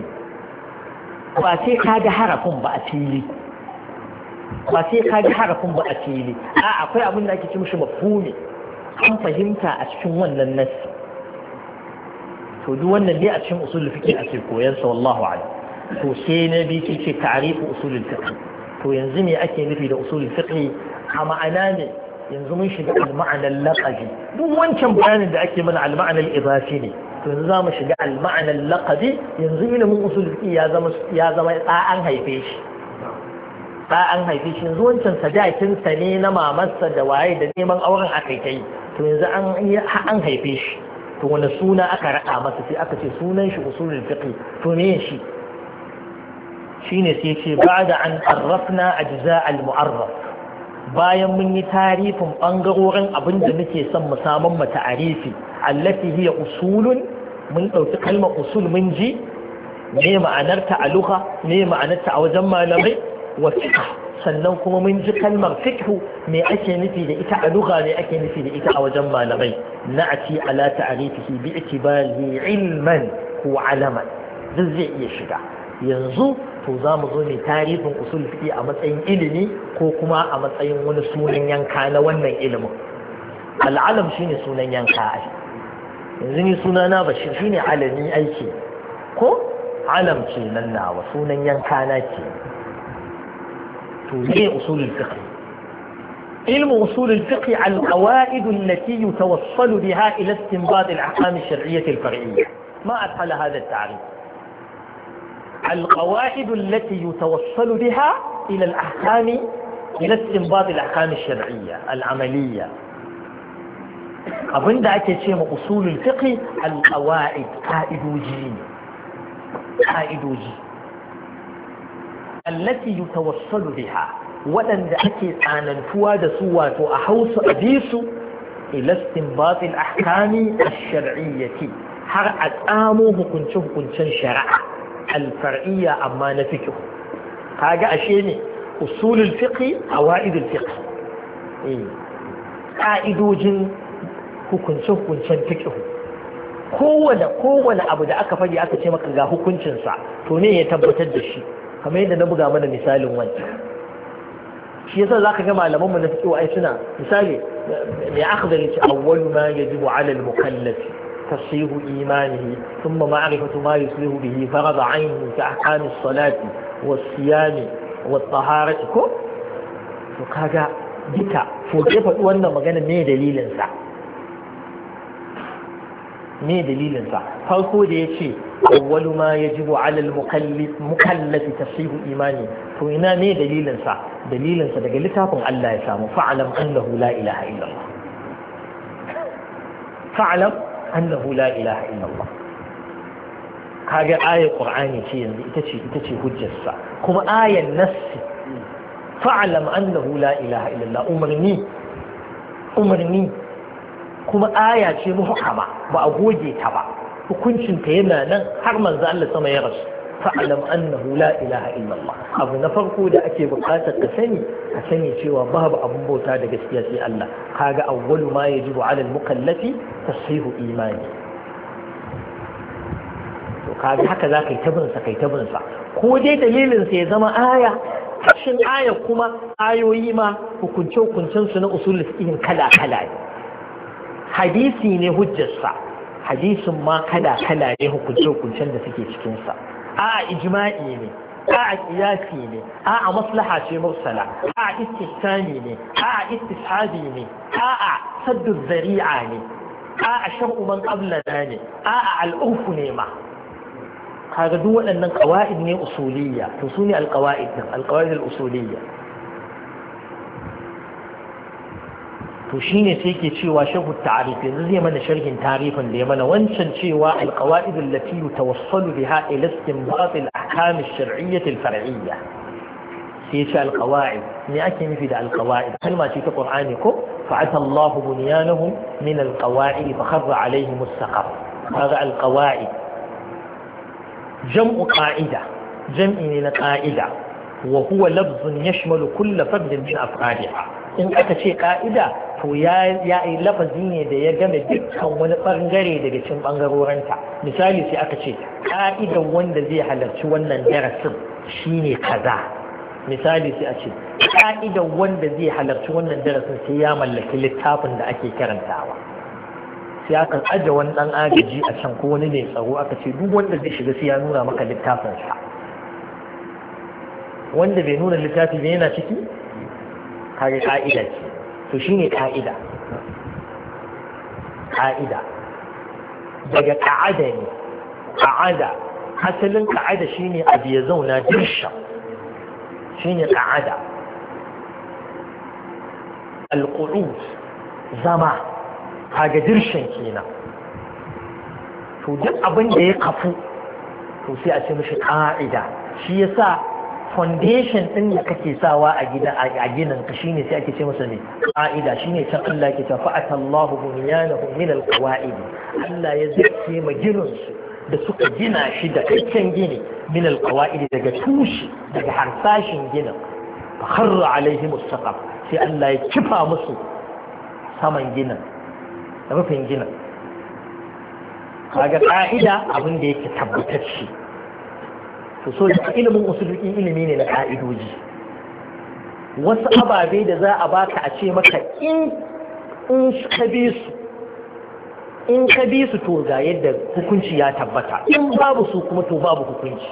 Speaker 3: ba sai ka ga harafin ba a fili ba sai ka ga harafin ba a fili a akwai abin da ake ce mishi mafhumi an fahimta a cikin wannan nas to duk wannan dai a cikin usulul fiqh ake koyar sa wallahu a'lam to sai na biyu ce ce tarifu usulul fiqh to yanzu me ake nufi da usulul fiqh a ma'ana ne yanzu mun shiga al-ma'anar laqabi duk wancan bayanin da ake mana al-ma'anar ibafi ne to yanzu zamu shiga al-ma'anar laqabi yanzu ilimin usul fiqh ya zama ya zama an haife shi da an haife shi yanzu wancan sadakin sa ne na mamarsa da waye da neman auren akai kai to yanzu an an haife shi to wani suna aka raka masa sai aka ce sunan shi usulul fiqh to me shi shine sai ce ba'da an arrafna ajza al mu'arraf bayan mun yi tarifin ɓangarorin abin da muke son mu samun mu ta'arifi allati hiya usulun mun ɗauki kalmar usul mun ji me ma'anarta a luha me ma'anarta a wajen malamai wa fiqh sannan kuma mun ji kalmar fiqh me ake nufi da ita a ne ake nufi da ita a wajen malamai na'ati ala ta'arifihi bi itibarihi ilman ko alama duk zai iya shiga yanzu to za mu zo ne tarihin usul fiqi a matsayin ilimi ko kuma a matsayin wani sunan yanka na wannan ilimin al'alam shine sunan yanka ai yanzu ni suna na shi ne alami aiki ko alam ce nan nawa sunan yanka na ke to ne usulul fiqh علم أصول الفقه القواعد التي يتوصل بها إلى استنباط الأحكام الشرعية الفرعية ما أدخل هذا التعريف القواعد التي يتوصل بها إلى الأحكام إلى استنباط الأحكام الشرعية العملية أبن دعك شيم أصول الفقه القواعد قائد وجين قائد التي يتوصل بها ولن دعك عن الفواد سوى أحوص أديس إلى استنباط الأحكام الشرعية هرعت آمو هكونش هكونش شرعه alfar'iyya amma na fiqh kaga ashe ne usulul fiqh awaidul fiqh eh ka'idojin hukuncin-hukuncin fiqh kowane kowane abu da aka faɗi aka ce maka ga hukuncinsa to ne ya tabbatar da shi kamar yadda na buga mana misalin wancan shi yasa zaka ga malaman mu na fiqh ai suna misali mai akhdari ce awwalu ma yajibu ala al mukallafi تصحيح إيمانه ثم معرفة ما يصلح به فرض عينه كأحكام الصلاة والصيام والطهارة كو فكاجا بك فوقف وانا مغانا ما دليل انسا ما دليل انسا فالكو دي يتشي أول ما يجب على المكلف مكلف تصحيح إيمانه فإنا ما دليل انسا دليل انسا دقلتها فن الله يسامه فاعلم أنه لا إله إلا الله فاعلم annahu la ilaha illallah kaga ayar qur'ani ce yanzu ita ce ita ce hujjarsa kuma ayar nassi fa'lam annahu la ilaha illallah umarni umarni kuma aya ce muhkama ba a goge ta ba hukuncin ta yana nan har manzo Allah sama ya rasu fa'alam annahu la ilaha illallah abu na farko da ake bukatar ka sani a sani cewa babu abun bauta da gaskiya sai Allah kaga awwalu ma yajibu 'ala al-mukallafi tashihu imani to kaga haka za ka yi tabin ka yi tabin ko dai dalilinsa ya zama aya shin aya kuma ayoyi ma hukunce hukuncen su na usul fiqh kala kala hadisi ne hujjarsa hadisin ma kala kala ne hukunce hukuncen da suke cikinsa. sa a ijma'i ne a kiyasi ne a maslaha ce mursala a istihsani ne a istishabi ne a saddu zari'a ne a shar'u man qablana ne a al'urfu ne ma kaga duk waɗannan qawaid ne usuliyya to sune al-qawaid din al-qawaid al-usuliyya to shine sai ke cewa shahu ta'arif yanzu zai mana sharhin tarifin da ya mana wancan cewa alqawaid allati yatawassalu biha ila istinbat al-ahkam ash-shar'iyyah al-far'iyyah sai ce alqawaid me ake nufi da alqawaid kalma ce ta qur'ani ko fa'ata Allah bunyanahum min alqawaid fa kharra alaihim as-saqaf kaga alqawaid jam'u qa'ida jam'i ne na qa'ida wa huwa lafzun yashmalu kull fard min afradiha in aka ce ka'ida to ya yi lafazi ne da ya game dukkan wani bangare daga cikin bangarorinta misali sai aka ce ka'idan wanda zai halarci wannan darasin shine kaza misali sai a ce ka'idan wanda zai halarci wannan darasin sai ya mallaki littafin da ake karantawa sai aka aje wani dan agaji a can ko wani ne tsaro aka ce duk wanda zai shiga sai ya nuna maka littafin sa wanda bai nuna littafin yana ciki kare ka'ida ce to shi ne ka'ida ka'ida daga ka'ada ne ka'ada asalin ka'ada shi shine abu ya zauna Shi ne ka'ada alqu'ud zama kaga dirshin kenan to duk abin da ya kafu to sai a ce mishi ka'ida shi ya sa. foundation din da kake sawa a gida a ginin ka shine sai ake ce masa ne ka'ida shine can Allah ke tafi atallahu bunyanahum min alqawaid Allah ya zake ma ginin su da suka gina shi da kakken gini min alqawaid daga tushe daga harsashin ginin fa kharra alaihim as sai Allah ya kifa musu saman ginin rufin ginin kaga ƙa'ida abin da yake tabbatacce to so ilimin usuluki ilimi ne na ka'idoji wasu ababe da za a baka a ce maka in ka bi su in ka bi su to ga yadda hukunci ya tabbata in babu su kuma to babu hukunci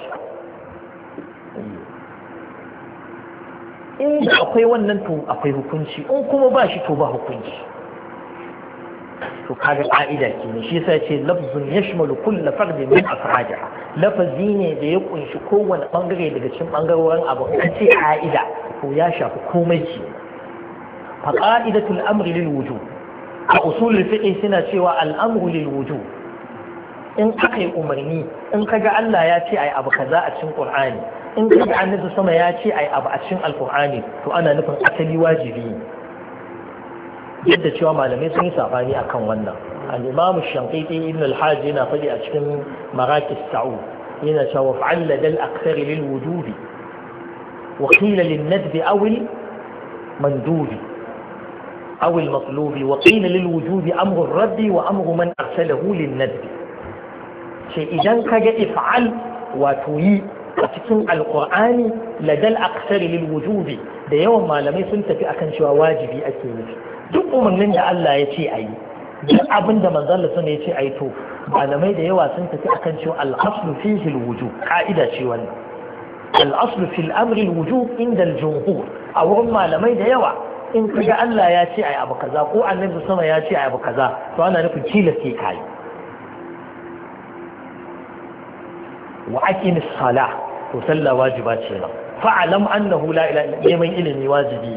Speaker 3: in da akwai wannan to akwai hukunci in kuma ba shi to ba hukunci to kaga ka'ida ce ne shi sai ce lafzun yashmalu kulla fardin min afrajiha lafazi ne da ya kunshi kowane bangare daga cikin bangarorin abu an ce ka'ida to ya shafi komai ce fa qa'idatul amri lil wujub a usulul fiqh suna cewa al-amru lil wujub in aka yi umarni in kaga Allah ya ce ai abu kaza a cikin Qur'ani in kaga annabi sama ya ce ai abu a cikin al to ana nufin asali wajibi ne yadda cewa malamai sun yi sabani akan wannan al-imam shanqiti ibn al-hajj yana fadi a cikin maraqis sa'u yana cewa fa'alla dal akthari lil wujubi wa qila lin nadb aw al mandubi aw al matlubi wa qila lil wujubi amru ar-radd wa amru man arsalahu lin nadb shi idan kaga if'al wa tuyi a cikin alqur'ani ladal akthari lil wujubi da yawan malamai sun tafi akan cewa wajibi ake nufi duk umarnin da Allah ya ce a yi duk abin da manzon sama ya ce a yi to malamai da yawa sun tafi akan cewa al'aslu fihi alwujub ka'ida ce wannan al'aslu fil amri alwujub inda aljumhur a wurin malamai da yawa in kaga Allah ya ce a yi abu kaza ko annabi sama ya ce a yi abu kaza to ana nufin kila sai kai wa aqim as-salah to sallah wajiba ce nan fa'alam annahu la ilaha illa neman ilimi wajibi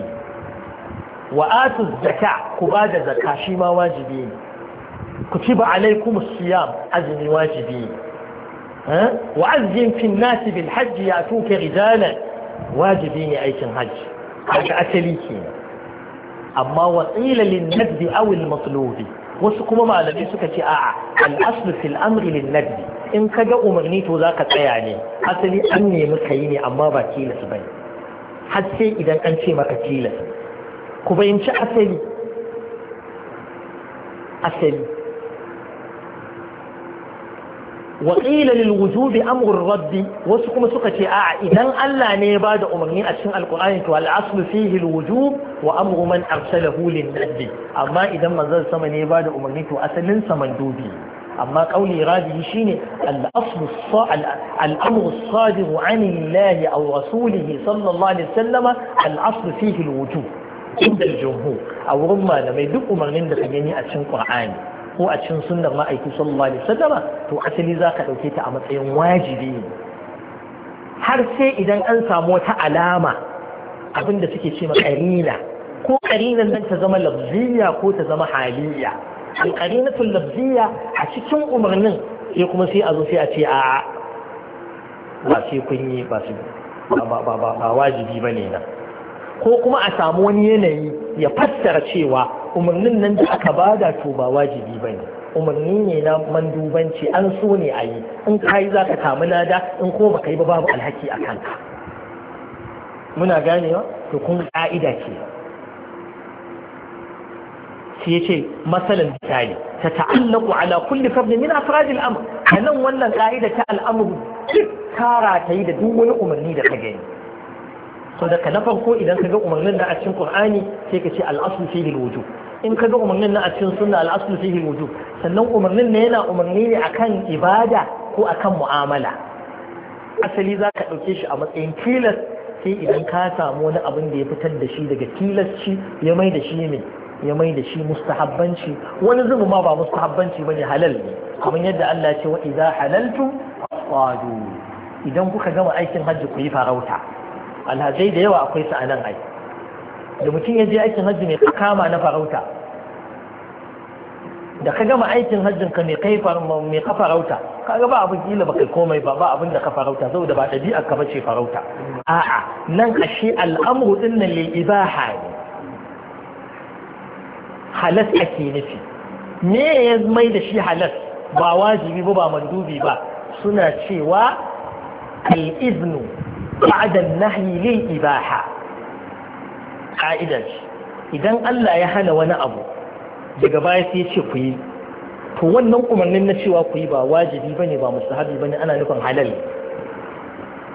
Speaker 3: wa atu zaka ku ba da zaka shi ma wajibi ne ku ci ba alaikum siyam azumi wajibi ne eh? wa azim fi bil ya tuka rijalan wajibi ne aikin hajji kaga asali ke. amma wa qila lin nadbi aw al matlubi wasu kuma malamai suka ce a'a al'aslu fil amri lin nadbi in ka ga umarni to zaka tsaya ne asali an nemi kai ne amma ba tilas bane har sai idan an ce maka tilas ku bayanci asali asali waƙila lilwujubi amurin rabbi wasu kuma suka ce a idan Allah ne ya ba da umarni a cikin alkur'ani to al'aslu fihi lwujub wa amru man arsalahu nabi amma idan manzon sama ne ya ba da umarni to asalin sa mandubi amma ƙauli rajihi shine al-aslu al-amru as-sadiqu 'an rasulihi sallallahu alaihi wasallam al-aslu fihi inda jumhu a wurin malamai duk umarnin da ka gani a cikin qur'ani ko a cikin sunnar ma'aiki sallallahu alaihi wasallama to asali za ka ɗauke ta a matsayin wajibi har sai idan an samu wata alama abinda suke ce karina ko karinan nan ta zama lafziya ko ta zama haliya alƙarinatul lafziya a cikin umarnin sai kuma sai a zo sai a ce a ba sai kun yi ba wajibi ba ne nan ko kuma a samu wani yanayi ya fassara cewa umarnin nan da aka bada to ba wajibi ba ne umarni ne na mandubanci an so ne a yi in ka yi za ka samu lada in ko baka yi ba babu alhaki a kanka muna ganewa to kun ka'ida ce shi ya ce masalan misali ta ta'allaku ala kulli fardin min al amr anan wannan ka'ida ta al-amr kara ta yi da duk wani umarni da ka gani so daga na farko idan ka ga umarnin na a cikin qur'ani sai ka ce al'asul fihi wujub in ka ga umarnin na a cikin sunna al'asul fihi wujub sannan umarnin ne yana umarni ne akan ibada ko akan mu'amala asali za ka ɗauke shi a matsayin tilas sai idan ka samu wani abin da ya fitar da shi daga tilasci ya mai da shi ne ya mai da shi mustahabbanci wani zubu ma ba mustahabbanci bane halal ne kamar yadda Allah ce wa idza halaltum fadu idan kuka gama aikin hajji ku yi farauta alhazai da yawa akwai su a nan ai da mutum ya je aikin hajji mai kama na farauta da ka gama aikin hajjin ka mai kai mai ka farauta ka ga ba abin kila ba kai komai ba ba abin da ka farauta da ba ɗabi'ar ka bace farauta a'a nan ashe al'amru din nan lil ibaha ne halas ake nufi me ya mai da shi halas ba wajibi ba ba mandubi ba suna cewa al iznu ba'da nahyi lil ibaha ka'idar idan Allah ya hana wani abu daga baya sai ce ku yi to wannan umarnin na cewa ku yi ba wajibi bane ba mustahabi bane ana nufin halal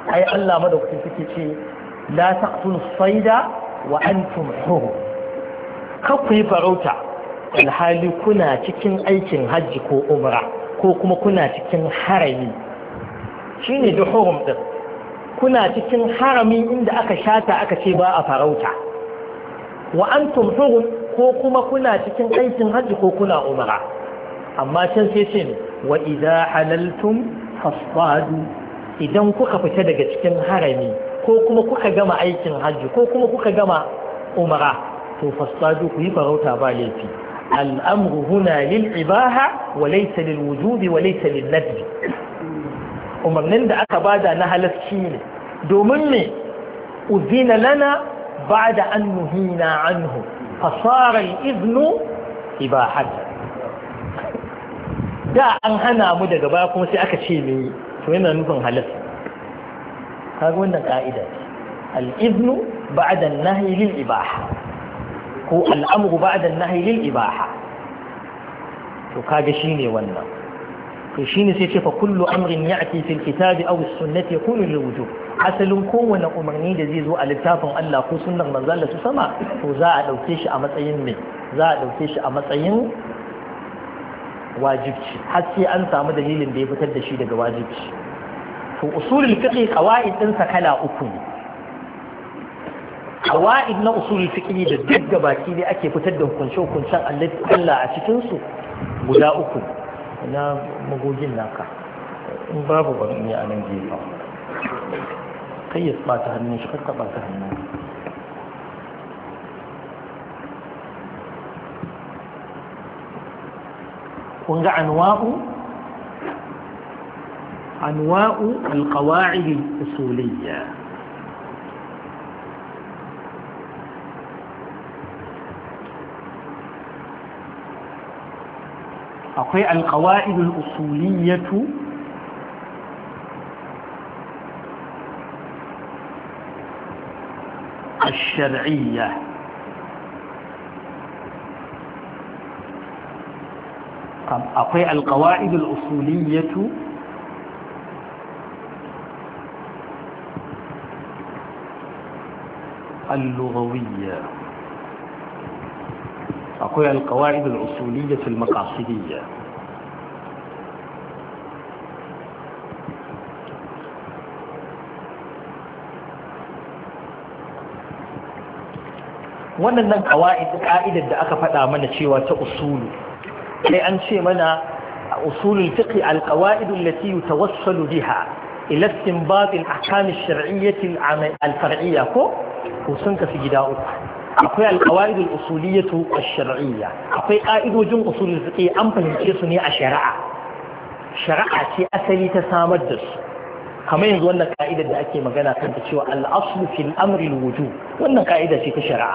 Speaker 3: ai Allah madaukakin suke ce la taqtul sayda wa antum hurum kar ku yi farauta alhali kuna cikin aikin hajji ko umra ko kuma kuna cikin harami shine da din kuna cikin haramin inda aka shata aka ce ba a farauta wa an tumhurum ko kuma kuna cikin aikin hajji ko kuna umara amma can sai ce wa idan halaltum fasfadu, idan kuka fita daga cikin harami ko kuma kuka gama aikin hajji ko kuma kuka gama umara to fasfadu ku yi farauta ba laifi al'amru huna lil ibaha wa laysa lil wujubi wa laysa lil umarnin da aka bada na halarci ne domin ne uzina lana ba da an nuhina anhu fasarar iznu ibahat da an hana mu daga baya kuma sai aka ce mai to yana nufin halas kaga wannan ka'ida al-iznu ba'da an-nahyi ibaha ko al-amru ba'da an ibaha to kaga ne wannan to ne sai ce fa kullu amrin ya ake kitabi aw as-sunnati kunu lil wujub asalin kowane umarni da zai zo a littafin Allah ko sunnar manzon da su sama to za a ɗauke shi a matsayin mai za a ɗauke shi a matsayin wajibci har sai an samu dalilin da ya fitar da shi daga wajibci to usulul fiqh qawaid din sa kala uku ne qawaid na usulul fiqh da duk baki ne ake fitar da hukunce hukuncen Allah a cikin su guda uku
Speaker 2: na magogin naka in babu ba ne a nan gefe كيف ما تهنيش حتى ما تهنيش
Speaker 3: ونقع أنواع أنواع القواعد الأصولية
Speaker 2: أقول القواعد الأصولية
Speaker 3: الشرعية أقوى القواعد الأصولية اللغوية أقوى القواعد الأصولية المقاصدية wannan nan kawa'id ka'idar da aka faɗa mana cewa ta usulu sai an ce mana usulul fiqh al latifu allati yutawassalu biha ila istinbat al-ahkam ash-shar'iyyah al-far'iyyah ko sun kasu gida uku akwai al-qawa'id ash-shar'iyyah akwai ka'idojin usulul fiqh an fahimce su ne a shari'a shari'a ce asali ta samar da su kamar yanzu wannan ka'idar da ake magana kan ta cewa al-aslu fil amri al-wujub wannan ka'ida ce ta shari'a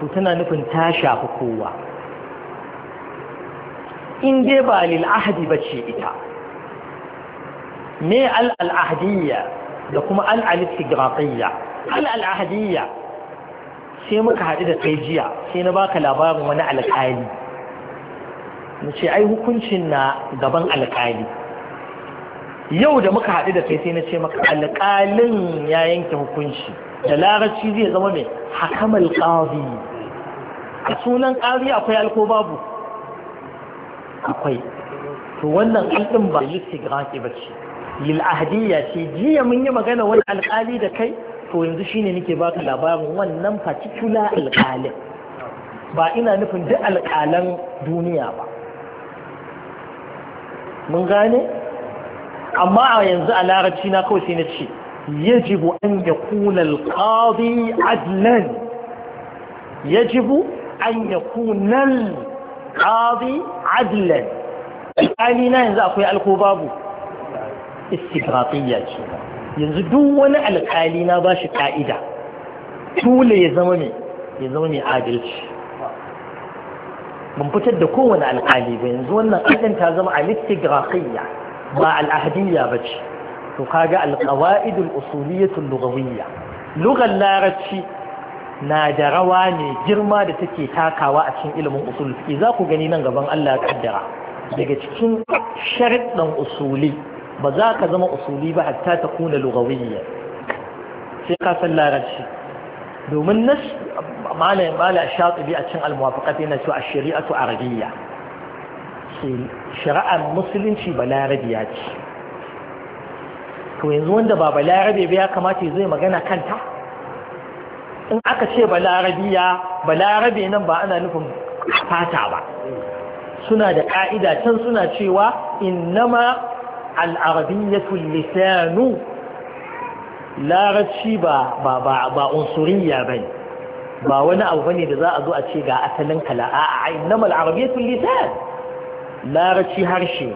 Speaker 3: to tana nufin ta shafi kowa in dai ba lil'ahadi ba ce ita me al'al'ahadiyya da kuma al'alistigrafiyya al'al'ahadiyya sai muka haɗu da kai jiya sai na baka labarin wani alƙali na ce ai hukuncin na gaban alƙali yau da muka haɗu da kai sai na ce maka alƙalin ya yanke hukunci da larabci zai zama mai hakamal ƙazi a sunan ƙari akwai alko babu akwai to wannan alɗin ba listigrafi ba ce lil'ahadiyya ce jiya mun yi magana wani alƙali da kai to yanzu shine nake baka labarin wannan particular alƙalin ba ina nufin duk alƙalan duniya ba mun gane amma a yanzu a larabci na kawai sai na ce yajibu an ya alƙadi adlan yajibu أن يكون القاضي عدلا الآلي لا ينزع أخوي القباب استقراطية ينزع دون الآلي نباش قائدة طول يزمني يزمني عادل من فتد كون الآلي بينزونا قدن تازم على الاستقراطية مع الأهدية باش وقاقع القواعد الأصولية اللغوية لغة لا رتشي na da rawa ne girma da take takawa a cikin ilimin usul fiqh za ku gani nan gaban Allah kaddara daga cikin sharuɗan usuli ba za ka zama usuli ba hatta ta kuna lugawiyya sai ka san larabci domin nas malam malam shatibi a cikin almuwafaqat yana cewa ash-shari'atu arabiyya shari'ar musulunci ba larabiya ce to yanzu wanda ba ba larabe ba ya kamata ya magana kanta in aka ce balarabiya balarabe nan ba ana nufin fata ba suna da ƙa'ida can suna cewa innama al'arabiyyatul lisanu larabci ba ba ba ba unsuriya bane ba wani abu bane da za a zo a ce ga asalin kala a'a innama al'arabiyyatul lisan larabci harshe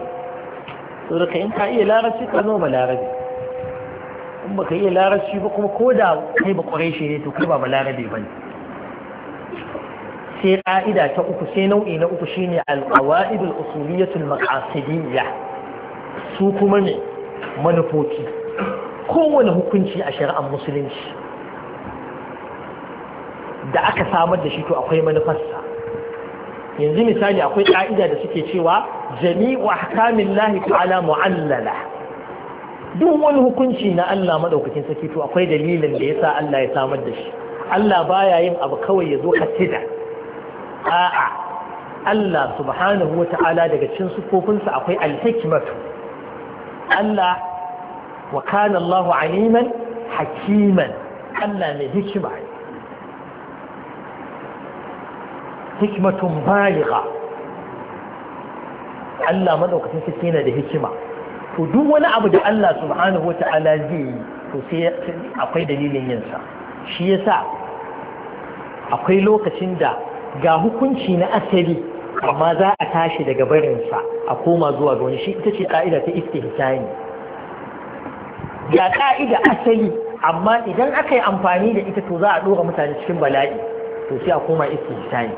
Speaker 3: saboda in ka iya larabci ka zama Larabe. in baka iya larabci ba kuma ko da kai ba ƙwarai ne to kai ba balarabe ba ne sai ƙa'ida ta uku sai nau'i na uku shine al-qawaidul usuliyatul maƙasidiyya su kuma ne manufofi kowane hukunci a shari'ar musulunci da aka samar da shi to akwai manufarsa yanzu misali akwai ƙa'ida da suke cewa jami'u hakamin lahi ta'ala mu'allala duk wani hukunci na Allah madaukakin sarki to akwai dalilin da yasa Allah ya samar da shi Allah baya yin abu kawai ya zo katida a'a Allah subhanahu wata'ala daga cikin sufofinsa akwai alhikmatu Allah wa kana Allahu aliman hakiman Allah mai hikima hikmatun baligha Allah madaukakin sarki yana da hikima to duk wani abu da Allah subhanahu wata'ala zai yi to sai akwai dalilin yinsa shi yasa akwai lokacin da ga hukunci na asali amma za a tashi daga barinsa a koma zuwa ga wani shi ita ce ka'ida ta istihsani ga ka'ida asali amma idan aka yi amfani da ita to za a ɗora mutane cikin bala'i to sai a koma istihsani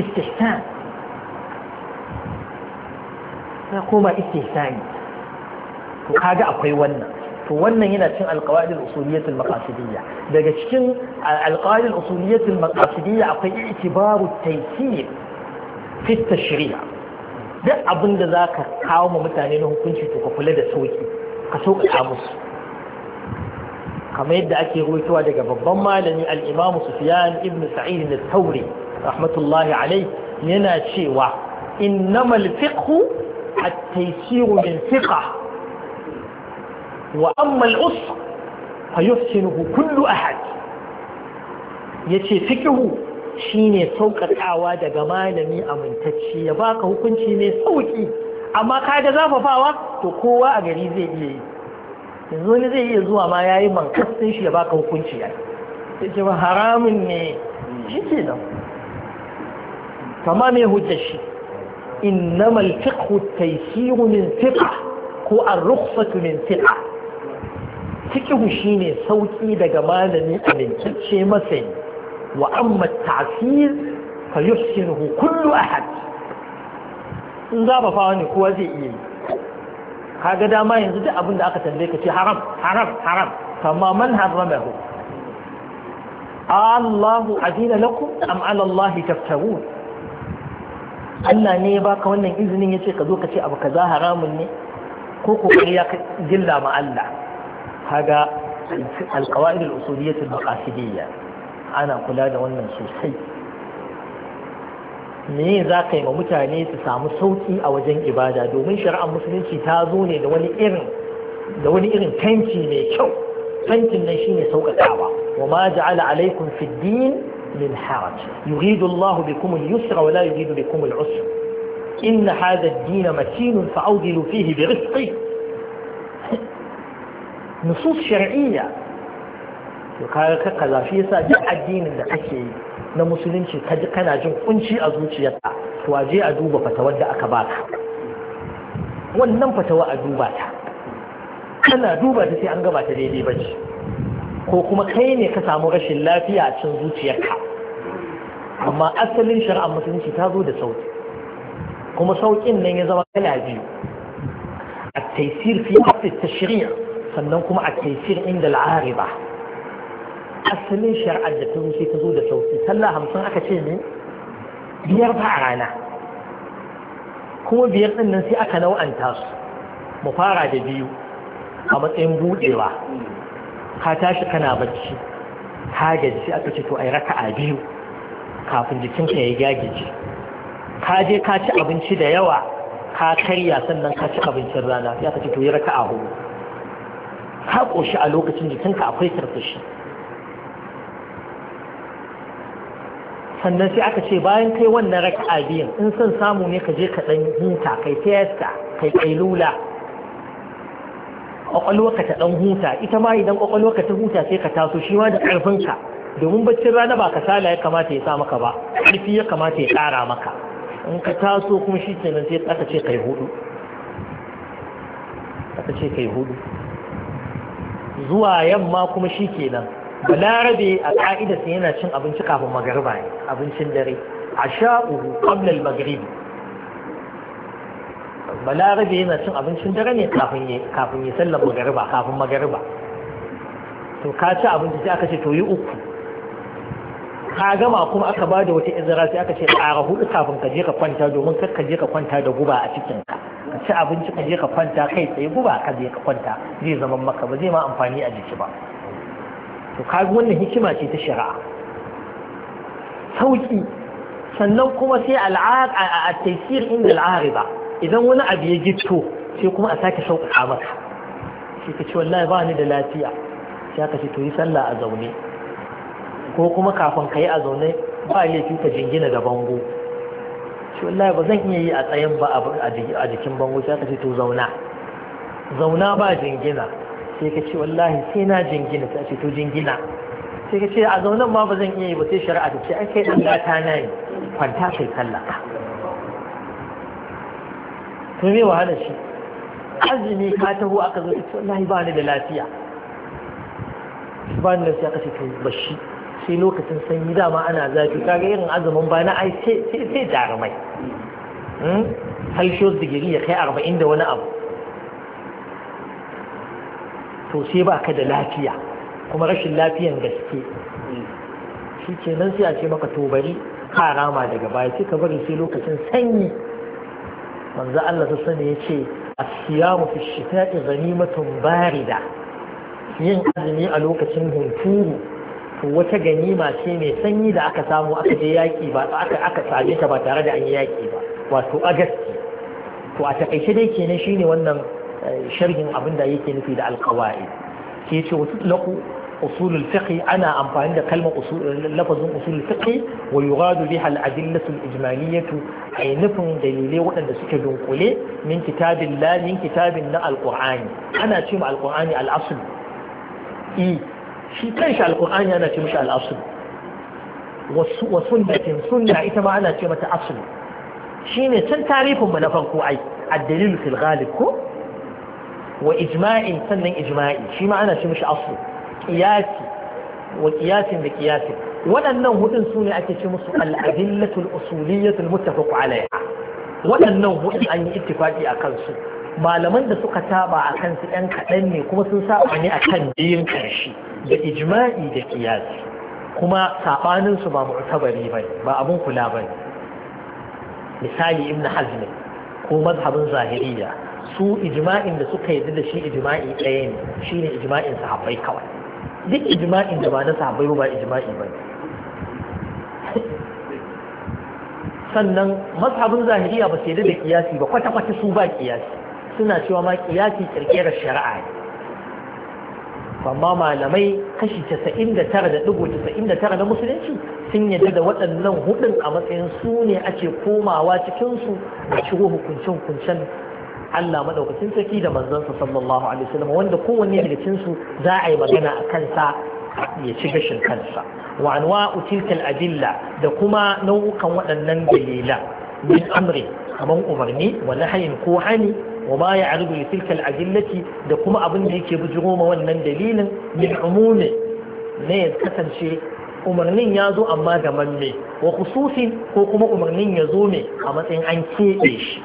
Speaker 3: istihsani ta koma istihsani to kaga akwai wannan to wannan yana cin alqawaid al-usuliyyah maqasidiyya daga cikin alqawaid al-usuliyyah maqasidiyya akwai i'tibaru at-taysir fi at duk abin da zaka kawo ma mutane na hukunci to ka kula da sauki ka sauƙaƙa musu kamar yadda ake ruwaitowa daga babban malami al-Imam Sufyan ibn Sa'id al-Thawri rahmatullahi alayh yana cewa innamal fiqhu التيسير من ثقة kullu العسر فيحسنه كل أحد يتي فكه shine saukakawa daga malami amintacci ya baka hukunci mai sauki amma ka da zafafawa to kowa a gari zai iya yi yanzu wani zai iya zuwa ma yayi mankas din shi ya baka hukunci yayi sai ba haramun ne shi ke nan kama mai hujjar shi innama alfiqhu taysiru min fiqh ko ar-rukhsatu min fiqh fiqhu shine sauki daga malami a lincice masa wa amma ta'sir fa yusiru kullu ahad in za ba fawani kowa zai iya yi kaga dama yanzu duk abin da aka tambaye ka ce haram haram haram kamma man harrama hu Allahu adina lakum am ala Allahi taftawun Allah ne ya baka wannan izinin ya ce ka zo ka ce abu kaza haramun ne ko ko ya gilla ma Allah haga alqawaid al-usuliyyah al-maqasidiyya ana kula da wannan sosai me za ka yi ma mutane su samu sauki a wajen ibada domin shari'ar musulunci ta zo ne da wani irin da wani irin tanki mai kyau tankin nan shine sauƙaƙawa wa ma ja'ala alaikum fid din من حرج يريد الله بكم اليسر ولا يريد بكم العسر إن هذا الدين متين فأوذلوا فيه برفق نصوص شرعية ka kaza shi yasa duk addinin da kake na musulunci ka ji kana jin kunci a zuciyarka waje a duba fatawar da aka baka wannan fatawa a duba ta kana duba ta sai an gabata ta daidai bace ko kuma kai ne ka samu rashin lafiya a cin zuciyarka amma asalin shari'ar musulunci ta zo da sauki kuma saukin nan ya zama kala biyu a taisir fi asli tashri'a sannan kuma a taisir inda al'ariba asalin shari'ar da ta zo ta zo da sauki sallah hamsin aka ce ne biyar ba a rana kuma biyar ɗin nan sai aka nau'anta su mu fara da biyu a matsayin buɗewa ka tashi kana bacci ka gaji aka ce to ai a biyu kafin jikinka ya gagije ka je ka ci abinci da yawa ka karya sannan ka ci abincin rana ya ka ce to yi raka a hudu ka koshi a lokacin jikinka akwai karfashi sannan sai aka ce bayan kai wannan raka a biyun in son samu ne ka je ka ɗan hinta kai tiyasta kai kailula kwakwalwarka ta ɗan huta ita ma idan kwakwalwarka ta huta sai ka taso shi ma da ƙarfinka domin baccin rana ba kasala ya kamata ya sa maka ba ƙarfi ya kamata ya ƙara maka in ka taso kuma shi nan sai aka ce kai hudu ce kai hudu zuwa yamma kuma shi kenan balarabe a ƙa'idarsa yana cin abinci kafin magariba ne abincin dare a sha'uhu ƙwamnal magaribi balarabe yana cin abincin dare ne kafin ya sallar magariba kafin magariba to ka ci abinci sai aka ce to yi uku ka gama kuma aka ba da wata izira sai aka ce ƙara hudu kafin ka je ka kwanta domin kar ka je ka kwanta da guba a cikin ka ka ci abinci ka je ka kwanta kai tsaye guba ka je ka kwanta zai zama maka ba zai ma amfani a jiki ba to ka wannan hikima ce ta shari'a sauki sannan kuma sai al'aq a taysir inda al'ariba idan wani abu ya gito sai kuma a sake sauƙaƙa maka sai ka ce wallahi ba ni da lafiya sai ka ce to yi sallah a zaune ko kuma kafin ka yi a zaune ba laifi ka jingina da bango shi wallahi ba zan iya yi a tsayin ba a jikin bango sai ka ce to zauna zauna ba jingina sai ka ce wallahi sai na jingina sai ce to jingina sai ka ce a zaunan ma ba zan iya yi ba sai shari'a ta ce an kai ɗan gata na ne kwanta kai sallah to me wahala shi azumi ka taho aka zo ita wallahi ba ni da lafiya ba ni da lafiya kace to bashi sai lokacin sanyi dama ana zafi kaga irin azumin ba na ai sai jarumai celsius hmm? digiri ya kai arba'in da wani abu to sai ba da lafiya kuma rashin lafiyan gaske shi ke nan sai a ce maka to bari ka rama daga baya sai ka bari sai lokacin sanyi manzo Allah ta sani ya ce asiyamu fi shita'i ganimatun barida yin azumi a lokacin hunturu to wata ganima ce mai sanyi da aka samu aka je yaƙi ba aka aka same ta ba tare da an yi yaki ba wato agaski to a takaice dai kenan shine wannan eh, sharhin abin da yake nufi da alƙawari? ke ce wasu أصول الفقه أنا أمطهن كلمة أصول لفظ أصول الفقه ويغاد بها الأدلة الإجمالية أي نفهم دليلي وأن سكر قلي من كتاب الله من كتاب القرآن أنا أتيم القرآن الأصل إي شي كانش القرآن أنا أتيمش الأصل وسنة سنة إذا ما أنا أتيمة أصل شيني سن تعريف من فرقه أي الدليل في الغالب كو وإجماعي سنة إجماعي شي ما أنا أتيمش أصل kiyasi wa kiyasin da kiyasin waɗannan hudun su ne ake ce musu al'adillatul usuliyatul muttafaq alaiha waɗannan hudun an yi ittifaqi a kansu malaman da suka saba a kansu ɗan kaɗan ne kuma sun saba ne a kan biyun ƙarshe da ijma'i da ƙiyasi kuma saɓaninsu ba mu'tabari ba ba abun kula bane misali ibn hazmi ko mazhabin zahiriya su ijma'in da suka yi da shi ijma'i ɗaya ne shine ijma'in sahabbai kawai duk ijma'in da ba na sahabbai ba ijma'i ba sannan mazhabin zahiriya ba sai da kiyasi ba kwata-kwata su ba kiyasi suna cewa ma kiyasi kirkirar shari'a ne amma malamai kashi 99.99 na musulunci sun yadda da waɗannan hudun a matsayin su ne ake komawa cikinsu da ciro hukuncin hukuncin Allah madaukakin saki da manzansa sallallahu alaihi wasallam wanda kowanne daga cikin su za a yi magana a kansa ya ci gashin kansa wa anwa'u tilka adilla da kuma nau'ukan waɗannan dalila min amri kaman umarni wa nahyin ko hani wa ma ya'rudu li tilka adillati da kuma abin da yake bujiro ma wannan dalilin min umumi ne ya kasance umarnin ya zo amma ga manne wa khususin ko kuma umarnin ya zo ne a matsayin an keɓe shi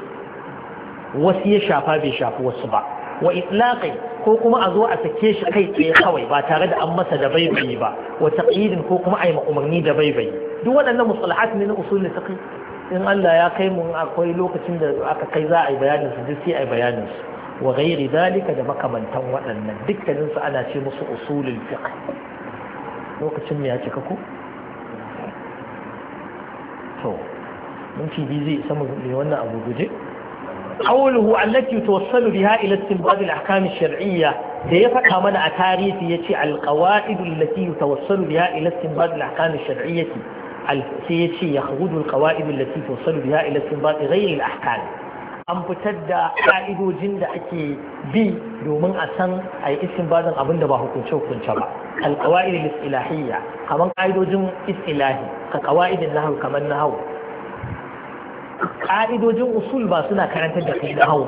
Speaker 3: wasu ya shafa bai shafi wasu ba wa itlaqi ko kuma a zo a sake shi kai tsaye kawai ba tare da an masa da baibayi ba wa taqyidin ko kuma a yi umarni da baibai duk waɗannan musalahat ne na usulul fiqh in Allah ya kai mu akwai lokacin da aka kai za a yi bayanin su duk sai a yi bayanin su wa ghairi dalika da makamantan waɗannan dukkanin su ana ce musu usulul fiqh lokacin mu ya cika ko to mun ci bi zai isa mu wannan abu guje قوله التي توصل بها إلى استنباط الأحكام الشرعية da ya faɗa mana a tarihi ya ce alƙawa'id allati tawassalu biha ila istinbat al-ahkam al-shar'iyyati sai ya ce yahudu alƙawa'id allati tawassalu biha ila istinbat ghayr al-ahkam an fitar da ƙa'idojin da ake bi domin a san a yi istinbatin abin da ba hukunce hukunce ba alƙawa'id al-istilahiyya kamar ƙa'idojin istilahi ka ƙawa'id na hau kamar nahw ƙa'idojin usul ba suna karantar da kai na hau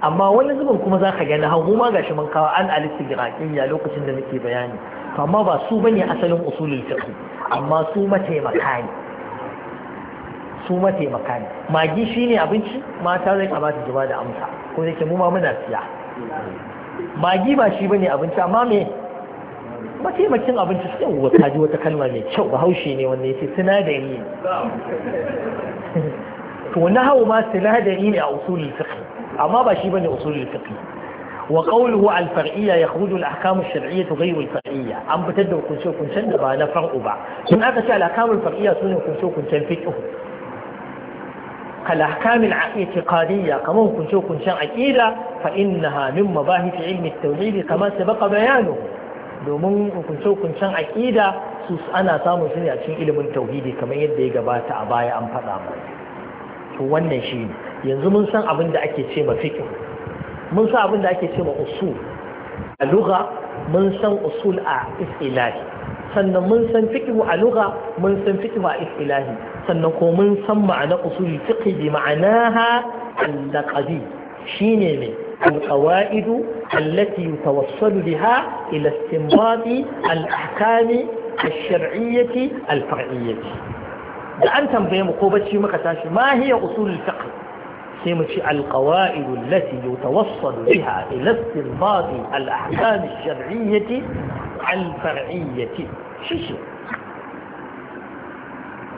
Speaker 3: amma wani zubin kuma za ka gani hau ma gashi mun kawo an alisti ya lokacin da muke bayani amma ba su bane asalin usulul fiqh amma su mataimaka ne su mataimaka ne magi shine abinci mata zai kamata ba da amsa ko yake mu ma muna siya magi ba shi bane abinci amma me mataimakin abinci su yawon wata ji wata kalma mai kyau bahaushe ne wanda yake sinadari ne to na hau ma sinadari ne a usulul fiqh amma ba shi bane usulul fiqh wa qawluhu al far'iyya yakhruju al ahkam al shar'iyya ghayr al far'iyya an fitar da hukunce hukuncen da ba na far'u ba kun aka ce al ahkam al far'iyya sune hukunce hukuncen fiqh kal ahkam al i'tiqadiyya kamar hukunce hukuncen aqida fa innaha min mabahith ilmi al tawhid kama sabaqa bayanuhu domin hukunce-hukuncen aƙida su ana samun su ne a cikin ilimin tauhidi kamar yadda ya gabata a baya an faɗa ba to wannan shi ne yanzu mun san abin da ake ce ma fiqh mun san abin da ake ce ma usul a lugha mun san usul a istilahi sannan mun san fiƙi a lugha mun san fiƙi a istilahi sannan ko mun san ma'ana usul fiƙi bi ma'ana ha laqabi shine ne القوائد التي يتوصل بها إلى استنباط الأحكام الشرعية الفرعية لأن تنبيه قوبة ما هي أصول الفقه سيمشي القوائد التي يتوصل بها إلى استنباط الأحكام الشرعية الفرعية شو شو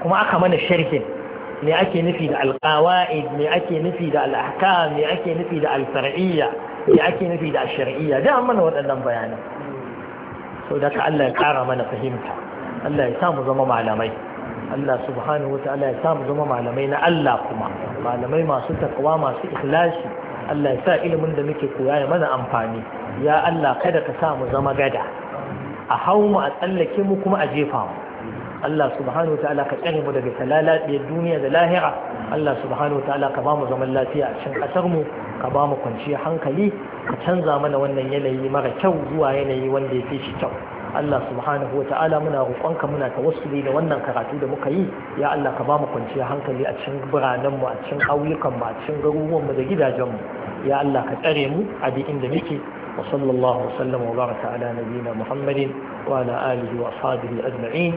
Speaker 3: كما أخمن الشركة me ake nufi da alƙawa'id me ake nufi da al'ahka me ake nufi da alfar'iyya me ake nufi da shari'iyya da an mana waɗannan bayanan so da ka Allah ya ƙara mana fahimta Allah ya samu zama malamai Allah subhanahu wata'ala ya samu zama malamai na Allah kuma malamai masu takwa masu ikhlasi Allah ya sa ilimin da muke koya ya mana amfani ya Allah kada ka sa mu zama gada a hau mu a tsallake mu kuma a jefa mu Allah subhanahu wa ta'ala ka tsare mu daga talalabiyar duniya da lahira Allah subhanahu wa ta'ala ka bamu zaman lafiya a cikin ƙasar mu ka bamu kwanciya hankali ka canza mana wannan yanayi mara kyau zuwa yanayi wanda ya fi shi kyau Allah subhanahu wa ta'ala muna roƙonka muna tawassuli da wannan karatu da muka yi ya Allah ka bamu kwanciya hankali a cikin biranen mu a cikin ƙauyukan mu a cikin garuruwan mu da gidajen mu ya Allah ka tsare mu a duk inda muke wa sallallahu wa sallama wa baraka ala nabiyina Muhammadin wa ala alihi wa ashabihi ajma'in